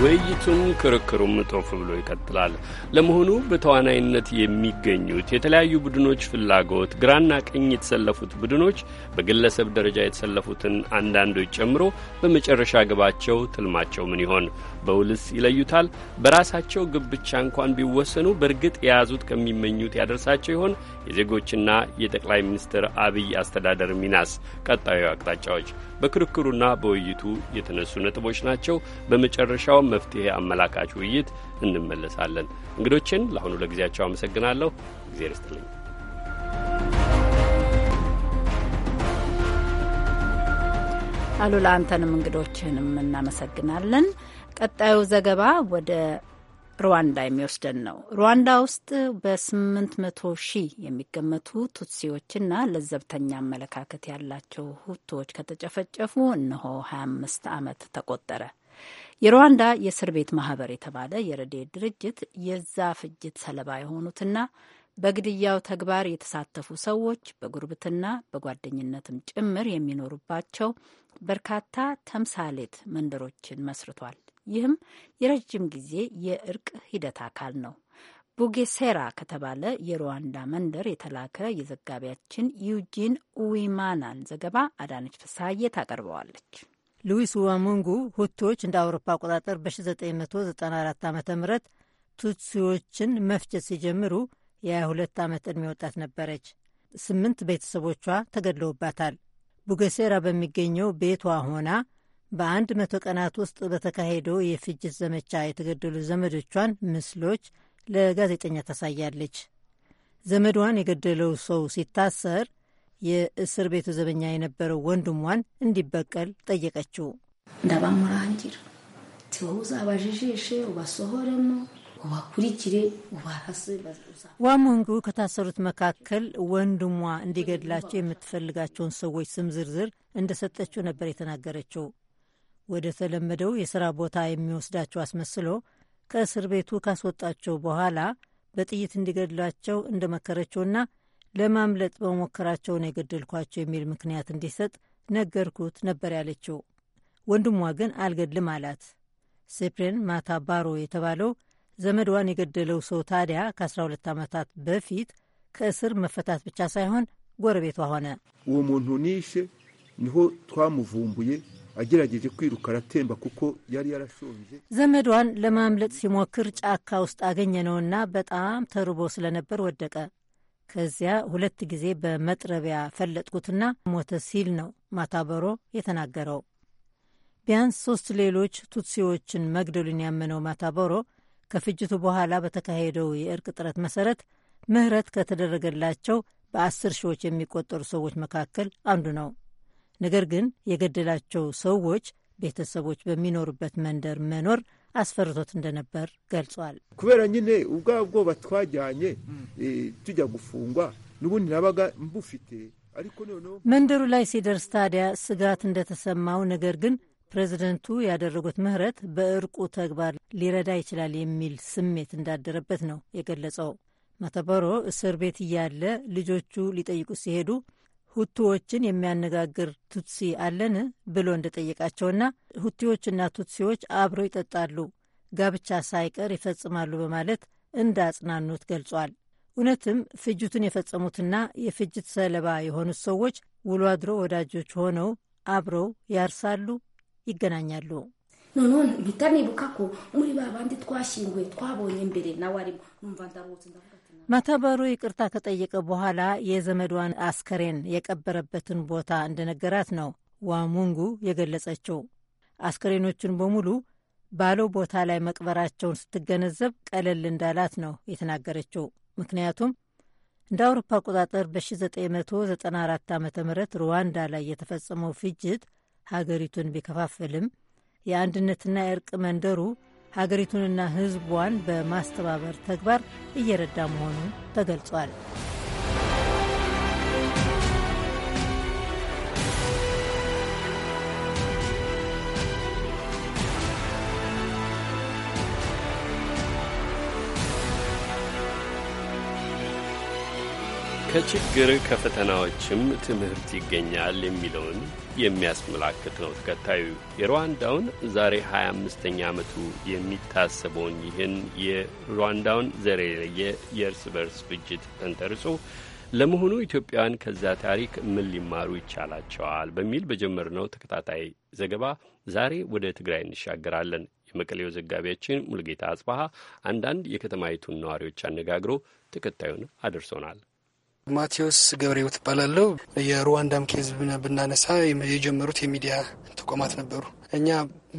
ውይይቱም ክርክሩም ጦፍ ብሎ ይቀጥላል። ለመሆኑ በተዋናይነት የሚገኙት የተለያዩ ቡድኖች ፍላጎት፣ ግራና ቀኝ የተሰለፉት ቡድኖች በግለሰብ ደረጃ የተሰለፉትን አንዳንዶች ጨምሮ በመጨረሻ ግባቸው፣ ትልማቸው ምን ይሆን? በውልስ ይለዩታል? በራሳቸው ግብ ብቻ እንኳን ቢወሰኑ በእርግጥ የያዙት ከሚመኙት ያደርሳቸው ይሆን? የዜጎችና የጠቅላይ ሚኒስትር አብይ አስተዳደር ሚናስ? ቀጣዩ አቅጣጫዎች በክርክሩና በውይይቱ የተነሱ ነጥቦች ናቸው። በመጨረሻው መፍትሄ አመላካች ውይይት እንመለሳለን። እንግዶችን ለአሁኑ ለጊዜያቸው አመሰግናለሁ። እግዜር ይስጥልኝ። አሉላ አንተንም እንግዶችህንም እናመሰግናለን። ቀጣዩ ዘገባ ወደ ሩዋንዳ የሚወስደን ነው። ሩዋንዳ ውስጥ በስምንት መቶ ሺህ የሚገመቱ ቱትሲዎችና ለዘብተኛ አመለካከት ያላቸው ሁቶዎች ከተጨፈጨፉ እነሆ 25 ዓመት ተቆጠረ። የሩዋንዳ የእስር ቤት ማህበር የተባለ የረድኤት ድርጅት የዛ ፍጅት ሰለባ የሆኑትና በግድያው ተግባር የተሳተፉ ሰዎች በጉርብትና በጓደኝነትም ጭምር የሚኖሩባቸው በርካታ ተምሳሌት መንደሮችን መስርቷል። ይህም የረጅም ጊዜ የእርቅ ሂደት አካል ነው። ቡጌሴራ ከተባለ የሩዋንዳ መንደር የተላከ የዘጋቢያችን ዩጂን ዊማናን ዘገባ አዳነች ፍስሀዬ ታቀርበዋለች። ሉዊስ ዋሙንጉ ሁቶች እንደ አውሮፓ አቆጣጠር በ1994 ዓ ም ቱትሲዎችን መፍጨት ሲጀምሩ የ22 ዓመት ዕድሜ ወጣት ነበረች። ስምንት ቤተሰቦቿ ተገድለውባታል። ቡገሴራ በሚገኘው ቤቷ ሆና በአንድ መቶ ቀናት ውስጥ በተካሄደው የፍጅት ዘመቻ የተገደሉ ዘመዶቿን ምስሎች ለጋዜጠኛ ታሳያለች። ዘመዷን የገደለው ሰው ሲታሰር የእስር ቤቱ ዘበኛ የነበረው ወንድሟን እንዲበቀል ጠየቀችው። እንዳባሙራንጅር ቲወውዛ ባዥሼ ባሶሆ ደግሞ ዋሙንጉ ከታሰሩት መካከል ወንድሟ እንዲገድላቸው የምትፈልጋቸውን ሰዎች ስም ዝርዝር እንደሰጠችው ነበር የተናገረችው። ወደ ተለመደው የሥራ ቦታ የሚወስዳቸው አስመስሎ ከእስር ቤቱ ካስወጣቸው በኋላ በጥይት እንዲገድላቸው እንደመከረችውና ለማምለጥ በመሞከራቸውን የገደልኳቸው የሚል ምክንያት እንዲሰጥ ነገርኩት ነበር ያለችው። ወንድሟ ግን አልገድልም አላት። ሴፕሬን ማታ ባሮ የተባለው ዘመድዋን የገደለው ሰው ታዲያ ከ12 ዓመታት በፊት ከእስር መፈታት ብቻ ሳይሆን ጎረቤቷ ሆነ። ው muntu nishe niho twamuvumbuye agerageje kwiruka aratemba kuko ለማምለጥ ሲሞክር ጫካ ውስጥ አገኘነውና በጣም ተርቦ ስለነበር ወደቀ። ከዚያ ሁለት ጊዜ በመጥረቢያ ፈለጥኩትና ሞተ ሲል ነው ማታበሮ የተናገረው። ቢያንስ ሶስት ሌሎች ቱትሲዎችን መግደሉን ያመነው ማታበሮ ከፍጅቱ በኋላ በተካሄደው የእርቅ ጥረት መሰረት ምህረት ከተደረገላቸው በአስር ሺዎች የሚቆጠሩ ሰዎች መካከል አንዱ ነው። ነገር ግን የገደላቸው ሰዎች ቤተሰቦች በሚኖሩበት መንደር መኖር አስፈርቶት እንደነበር ገልጿል። ኩበራ ኝነ ውጋ bwoba twajyanye ትጃ ጉፉንጓ ንቡን ናባጋ ምቡፊቴ መንደሩ ላይ ሲደርስ ታዲያ ስጋት እንደተሰማው ነገር ግን ፕሬዚደንቱ ያደረጉት ምህረት በእርቁ ተግባር ሊረዳ ይችላል የሚል ስሜት እንዳደረበት ነው የገለጸው። ማተበሮ እስር ቤት እያለ ልጆቹ ሊጠይቁ ሲሄዱ ሁቲዎችን የሚያነጋግር ቱትሲ አለን ብሎ እንደጠየቃቸውና ሁቲዎችና ቱትሲዎች አብረው ይጠጣሉ፣ ጋብቻ ሳይቀር ይፈጽማሉ በማለት እንዳጽናኑት ገልጿል። እውነትም ፍጅቱን የፈጸሙትና የፍጅት ሰለባ የሆኑት ሰዎች ውሎ አድሮ ወዳጆች ሆነው አብረው ያርሳሉ፣ ይገናኛሉ። ኖኖን ቢታኔ ቡካኮ ሙሪ ባባ ንዲ ትኳሽንጎ ትኳቦ የምቤሌ ናዋሪ ማተበሩ ይቅርታ ከጠየቀ በኋላ የዘመዷን አስከሬን የቀበረበትን ቦታ እንደነገራት ነው ዋሙንጉ የገለጸችው። አስከሬኖቹን በሙሉ ባለው ቦታ ላይ መቅበራቸውን ስትገነዘብ ቀለል እንዳላት ነው የተናገረችው። ምክንያቱም እንደ አውሮፓ አቆጣጠር በ1994 ዓ ም ሩዋንዳ ላይ የተፈጸመው ፍጅት ሀገሪቱን ቢከፋፍልም የአንድነትና የእርቅ መንደሩ ሀገሪቱንና ሕዝቧን በማስተባበር ተግባር እየረዳ መሆኑ ተገልጿል። ከችግር ከፈተናዎችም ትምህርት ይገኛል የሚለውን የሚያስመላክት ነው። ተከታዩ የሩዋንዳውን ዛሬ 25ኛ ዓመቱ የሚታሰበውን ይህን የሩዋንዳውን ዘር የለየ የእርስ በርስ ፍጅት ተንተርሶ ለመሆኑ ኢትዮጵያውያን ከዛ ታሪክ ምን ሊማሩ ይቻላቸዋል በሚል በጀመርነው ተከታታይ ዘገባ ዛሬ ወደ ትግራይ እንሻገራለን። የመቀሌው ዘጋቢያችን ሙልጌታ አጽባሀ አንዳንድ የከተማይቱን ነዋሪዎች አነጋግሮ ተከታዩን አድርሶናል። ማቴዎስ ገብሬው ትባላለው። የሩዋንዳም ኬዝ ብናነሳ የጀመሩት የሚዲያ ተቋማት ነበሩ። እኛ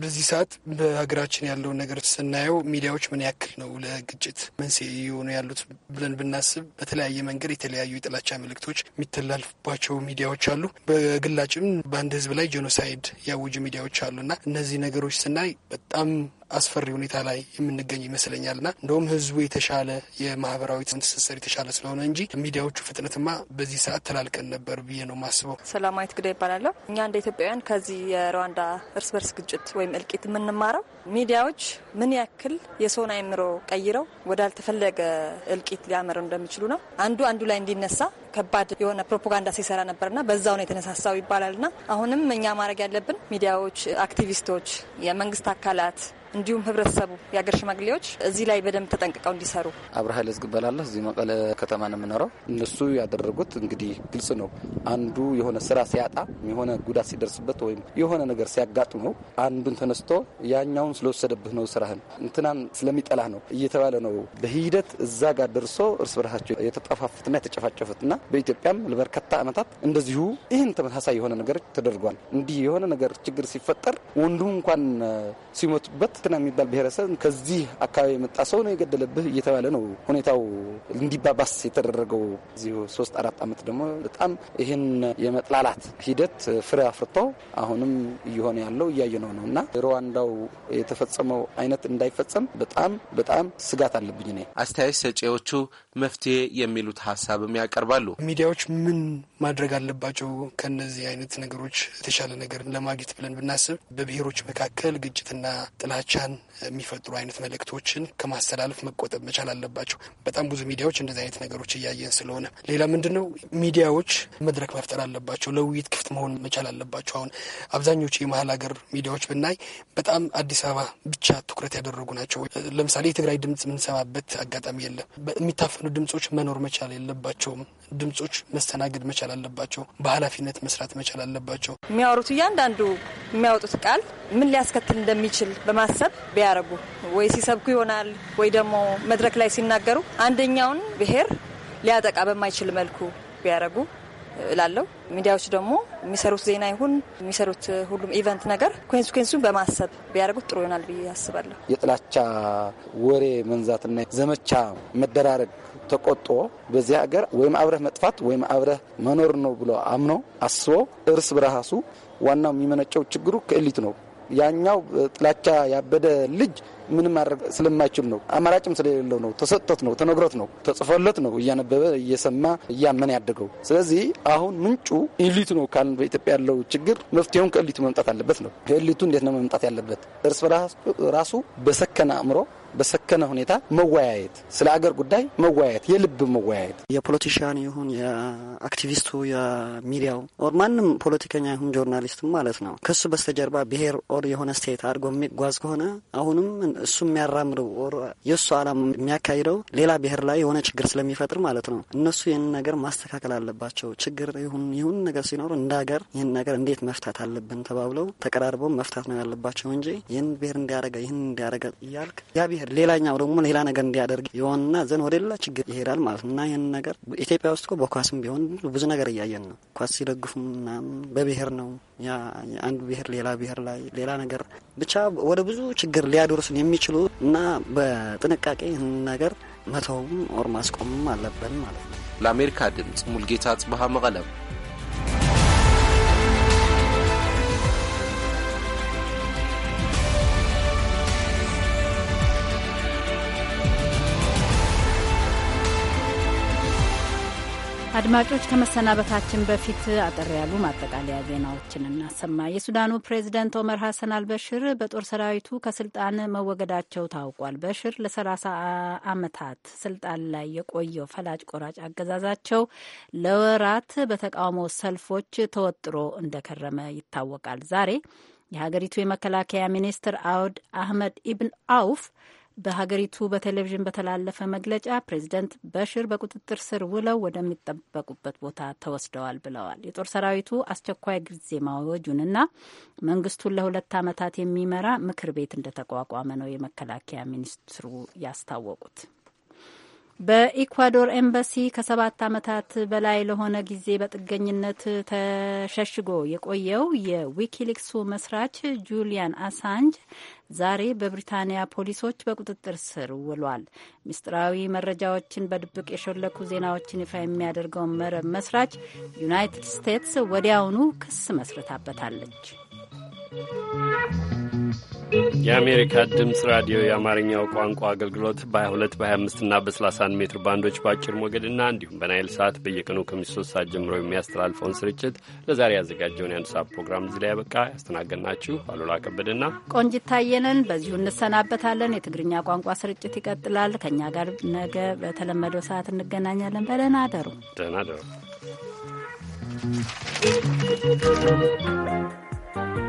በዚህ ሰዓት በሀገራችን ያለውን ነገር ስናየው ሚዲያዎች ምን ያክል ነው ለግጭት መንስኤ የሆኑ ያሉት ብለን ብናስብ በተለያየ መንገድ የተለያዩ የጥላቻ ምልክቶች የሚተላልፉባቸው ሚዲያዎች አሉ። በግላጭም በአንድ ህዝብ ላይ ጄኖሳይድ ያውጁ ሚዲያዎች አሉ እና እነዚህ ነገሮች ስናይ በጣም አስፈሪ ሁኔታ ላይ የምንገኝ ይመስለኛል ና እንደውም ህዝቡ የተሻለ የማህበራዊ ትስስር የተሻለ ስለሆነ እንጂ ሚዲያዎቹ ፍጥነትማ በዚህ ሰዓት ተላልቀን ነበር ብዬ ነው ማስበው። ሰላማዊት ግዳ ይባላለሁ። እኛ እንደ ኢትዮጵያውያን ከዚህ የሩዋንዳ እርስ በርስ ግጭት ወይም እልቂት የምንማረው ሚዲያዎች ምን ያክል የሰውን አይምሮ ቀይረው ወዳልተፈለገ እልቂት ሊያመረው እንደሚችሉ ነው። አንዱ አንዱ ላይ እንዲነሳ ከባድ የሆነ ፕሮፓጋንዳ ሲሰራ ነበርና በዛው ነው የተነሳሳው ና አሁንም እኛ ማድረግ ያለብን ሚዲያዎች፣ አክቲቪስቶች፣ የመንግስት አካላት እንዲሁም ህብረተሰቡ የሀገር ሽማግሌዎች እዚህ ላይ በደንብ ተጠንቅቀው እንዲሰሩ። አብረ ሀይል እዚህ መቀለ ከተማ ነው የምኖረው። እነሱ ያደረጉት እንግዲህ ግልጽ ነው። አንዱ የሆነ ስራ ሲያጣ የሆነ ጉዳት ሲደርስበት ወይም የሆነ ነገር ሲያጋጥመው አንዱን ተነስቶ ያኛውን ስለወሰደብህ ነው ስራህን እንትናን ስለሚጠላ ነው እየተባለ ነው በሂደት እዛ ጋር ደርሶ እርስ በርሳቸው የተጠፋፉትና የተጨፋጨፉት እና በኢትዮጵያም ለበርካታ ዓመታት እንደዚሁ ይህን ተመሳሳይ የሆነ ነገር ተደርጓል። እንዲህ የሆነ ነገር ችግር ሲፈጠር ወንዱ እንኳን ሲሞቱበት ቲትና የሚባል ብሔረሰብ ከዚህ አካባቢ የመጣ ሰው ነው የገደለብህ እየተባለ ነው ሁኔታው እንዲባባስ የተደረገው። እዚሁ ሶስት አራት ዓመት ደግሞ በጣም ይህን የመጥላላት ሂደት ፍሬ አፍርቶ አሁንም እየሆነ ያለው እያየነው ነው እና ሩዋንዳው የተፈጸመው አይነት እንዳይፈጸም በጣም በጣም ስጋት አለብኝ ነ አስተያየት ሰጪዎቹ መፍትሄ የሚሉት ሀሳብም ያቀርባሉ። ሚዲያዎች ምን ማድረግ አለባቸው? ከነዚህ አይነት ነገሮች የተሻለ ነገር ለማግኘት ብለን ብናስብ በብሔሮች መካከል ግጭትና ጥላቻን የሚፈጥሩ አይነት መልእክቶችን ከማስተላለፍ መቆጠብ መቻል አለባቸው። በጣም ብዙ ሚዲያዎች እንደዚህ አይነት ነገሮች እያየን ስለሆነ፣ ሌላ ምንድን ነው ሚዲያዎች መድረክ መፍጠር አለባቸው። ለውይይት ክፍት መሆን መቻል አለባቸው። አሁን አብዛኞቹ የመሀል ሀገር ሚዲያዎች ብናይ በጣም አዲስ አበባ ብቻ ትኩረት ያደረጉ ናቸው። ለምሳሌ የትግራይ ድምጽ የምንሰማበት አጋጣሚ የለም። የሚታፈኑ ድምጾች መኖር መቻል የለባቸውም። ድምጾች መስተናገድ መቻል አለባቸው። በኃላፊነት መስራት መቻል አለባቸው። የሚያወሩት እያንዳንዱ የሚያወጡት ቃል ምን ሊያስከትል እንደሚችል በማሰብ ቢያረጉ ወይ ሲሰብኩ ይሆናል ወይ ደግሞ መድረክ ላይ ሲናገሩ አንደኛውን ብሔር ሊያጠቃ በማይችል መልኩ ቢያደርጉ እላለሁ። ሚዲያዎች ደግሞ የሚሰሩት ዜና ይሁን የሚሰሩት ሁሉም ኢቨንት ነገር ኮንሱን በማሰብ ቢያደርጉት ጥሩ ይሆናል ብዬ አስባለሁ። የጥላቻ ወሬ መንዛትና ዘመቻ መደራረግ ተቆጦ በዚህ ሀገር ወይም አብረህ መጥፋት ወይም አብረህ መኖር ነው ብሎ አምኖ አስቦ እርስ በራሱ ዋናው የሚመነጨው ችግሩ ክእሊት ነው። ያኛው ጥላቻ ያበደ ልጅ ምን ማድረግ ስለማይችል ነው። አማራጭም ስለሌለው ነው። ተሰጥቶት ነው፣ ተነግሮት ነው፣ ተጽፎለት ነው እያነበበ እየሰማ እያመን ያደገው። ስለዚህ አሁን ምንጩ ኢሊቱ ነው ካል በኢትዮጵያ ያለው ችግር መፍትሄውን ከኢሊቱ መምጣት አለበት ነው። ከኢሊቱ እንዴት ነው መምጣት ያለበት? እርስ በራሱ በሰከነ አእምሮ በሰከነ ሁኔታ መወያየት፣ ስለ አገር ጉዳይ መወያየት፣ የልብ መወያየት የፖለቲሽያን ይሁን የአክቲቪስቱ የሚዲያው ኦር ማንም ፖለቲከኛ ይሁን ጆርናሊስት ማለት ነው ከሱ በስተጀርባ ብሔር ኦር የሆነ ስቴት አድርጎ የሚጓዝ ከሆነ አሁንም እሱ የሚያራምደው ኦር የእሱ አላማ የሚያካሂደው ሌላ ብሔር ላይ የሆነ ችግር ስለሚፈጥር ማለት ነው እነሱ ይህን ነገር ማስተካከል አለባቸው። ችግር ይሁን ይሁን ነገር ሲኖሩ እንደ ሀገር ይህን ነገር እንዴት መፍታት አለብን ተባብለው ተቀራርበው መፍታት ነው ያለባቸው እንጂ ይህን ብሄር እንዲያደረገ ይህን እንዲያደረገ እያልክ ያ ብሄር ሌላኛው ደግሞ ሌላ ነገር እንዲያደርግ የሆንና ዘን ወደ ሌላ ችግር ይሄዳል ማለት ነው እና ይህን ነገር ኢትዮጵያ ውስጥ በኳስም ቢሆን ብዙ ነገር እያየን ነው። ኳስ ሲደግፉ ምናምን በብሔር ነው የአንድ ብሔር ሌላ ብሔር ላይ ሌላ ነገር ብቻ ወደ ብዙ ችግር ሊያደርሱን የሚችሉ እና በጥንቃቄ ይህን ነገር መተውም ኦር ማስቆምም አለብን ማለት ነው። ለአሜሪካ ድምፅ ሙልጌታ ጽብሃ መቀለም አድማጮች ከመሰናበታችን በፊት አጠር ያሉ ማጠቃለያ ዜናዎችን እናሰማ። የሱዳኑ ፕሬዝደንት ኦመር ሀሰን አልበሽር በጦር ሰራዊቱ ከስልጣን መወገዳቸው ታውቋል። በሽር ለ30 ዓመታት ስልጣን ላይ የቆየው ፈላጭ ቆራጭ አገዛዛቸው ለወራት በተቃውሞ ሰልፎች ተወጥሮ እንደከረመ ይታወቃል። ዛሬ የሀገሪቱ የመከላከያ ሚኒስትር አውድ አህመድ ኢብን አውፍ በሀገሪቱ በቴሌቪዥን በተላለፈ መግለጫ ፕሬዚደንት በሽር በቁጥጥር ስር ውለው ወደሚጠበቁበት ቦታ ተወስደዋል ብለዋል። የጦር ሰራዊቱ አስቸኳይ ጊዜ ማወጁንና መንግስቱን ለሁለት ዓመታት የሚመራ ምክር ቤት እንደተቋቋመ ነው የመከላከያ ሚኒስትሩ ያስታወቁት። በኢኳዶር ኤምባሲ ከሰባት ዓመታት በላይ ለሆነ ጊዜ በጥገኝነት ተሸሽጎ የቆየው የዊኪሊክሱ መስራች ጁሊያን አሳንጅ ዛሬ በብሪታንያ ፖሊሶች በቁጥጥር ስር ውሏል። ምስጢራዊ መረጃዎችን በድብቅ የሾለኩ ዜናዎችን ይፋ የሚያደርገውን መረብ መስራች ዩናይትድ ስቴትስ ወዲያውኑ ክስ መስርታበታለች። የአሜሪካ ድምፅ ራዲዮ የአማርኛው ቋንቋ አገልግሎት በ22 በ25 እና በ31 ሜትር ባንዶች በአጭር ሞገድና እንዲሁም በናይል ሰዓት በየቀኑ ከምሽቱ 3 ሰዓት ጀምሮ የሚያስተላልፈውን ስርጭት ለዛሬ ያዘጋጀውን የአንድ ሰዓት ፕሮግራም እዚህ ላይ ያበቃ። ያስተናገድናችሁ አሉላ ከበደና ቆንጂት ታየ በዚሁ እንሰናበታለን። የትግርኛ ቋንቋ ስርጭት ይቀጥላል። ከእኛ ጋር ነገ በተለመደው ሰዓት እንገናኛለን። በደህና አደሩ። ደህና አደሩ። you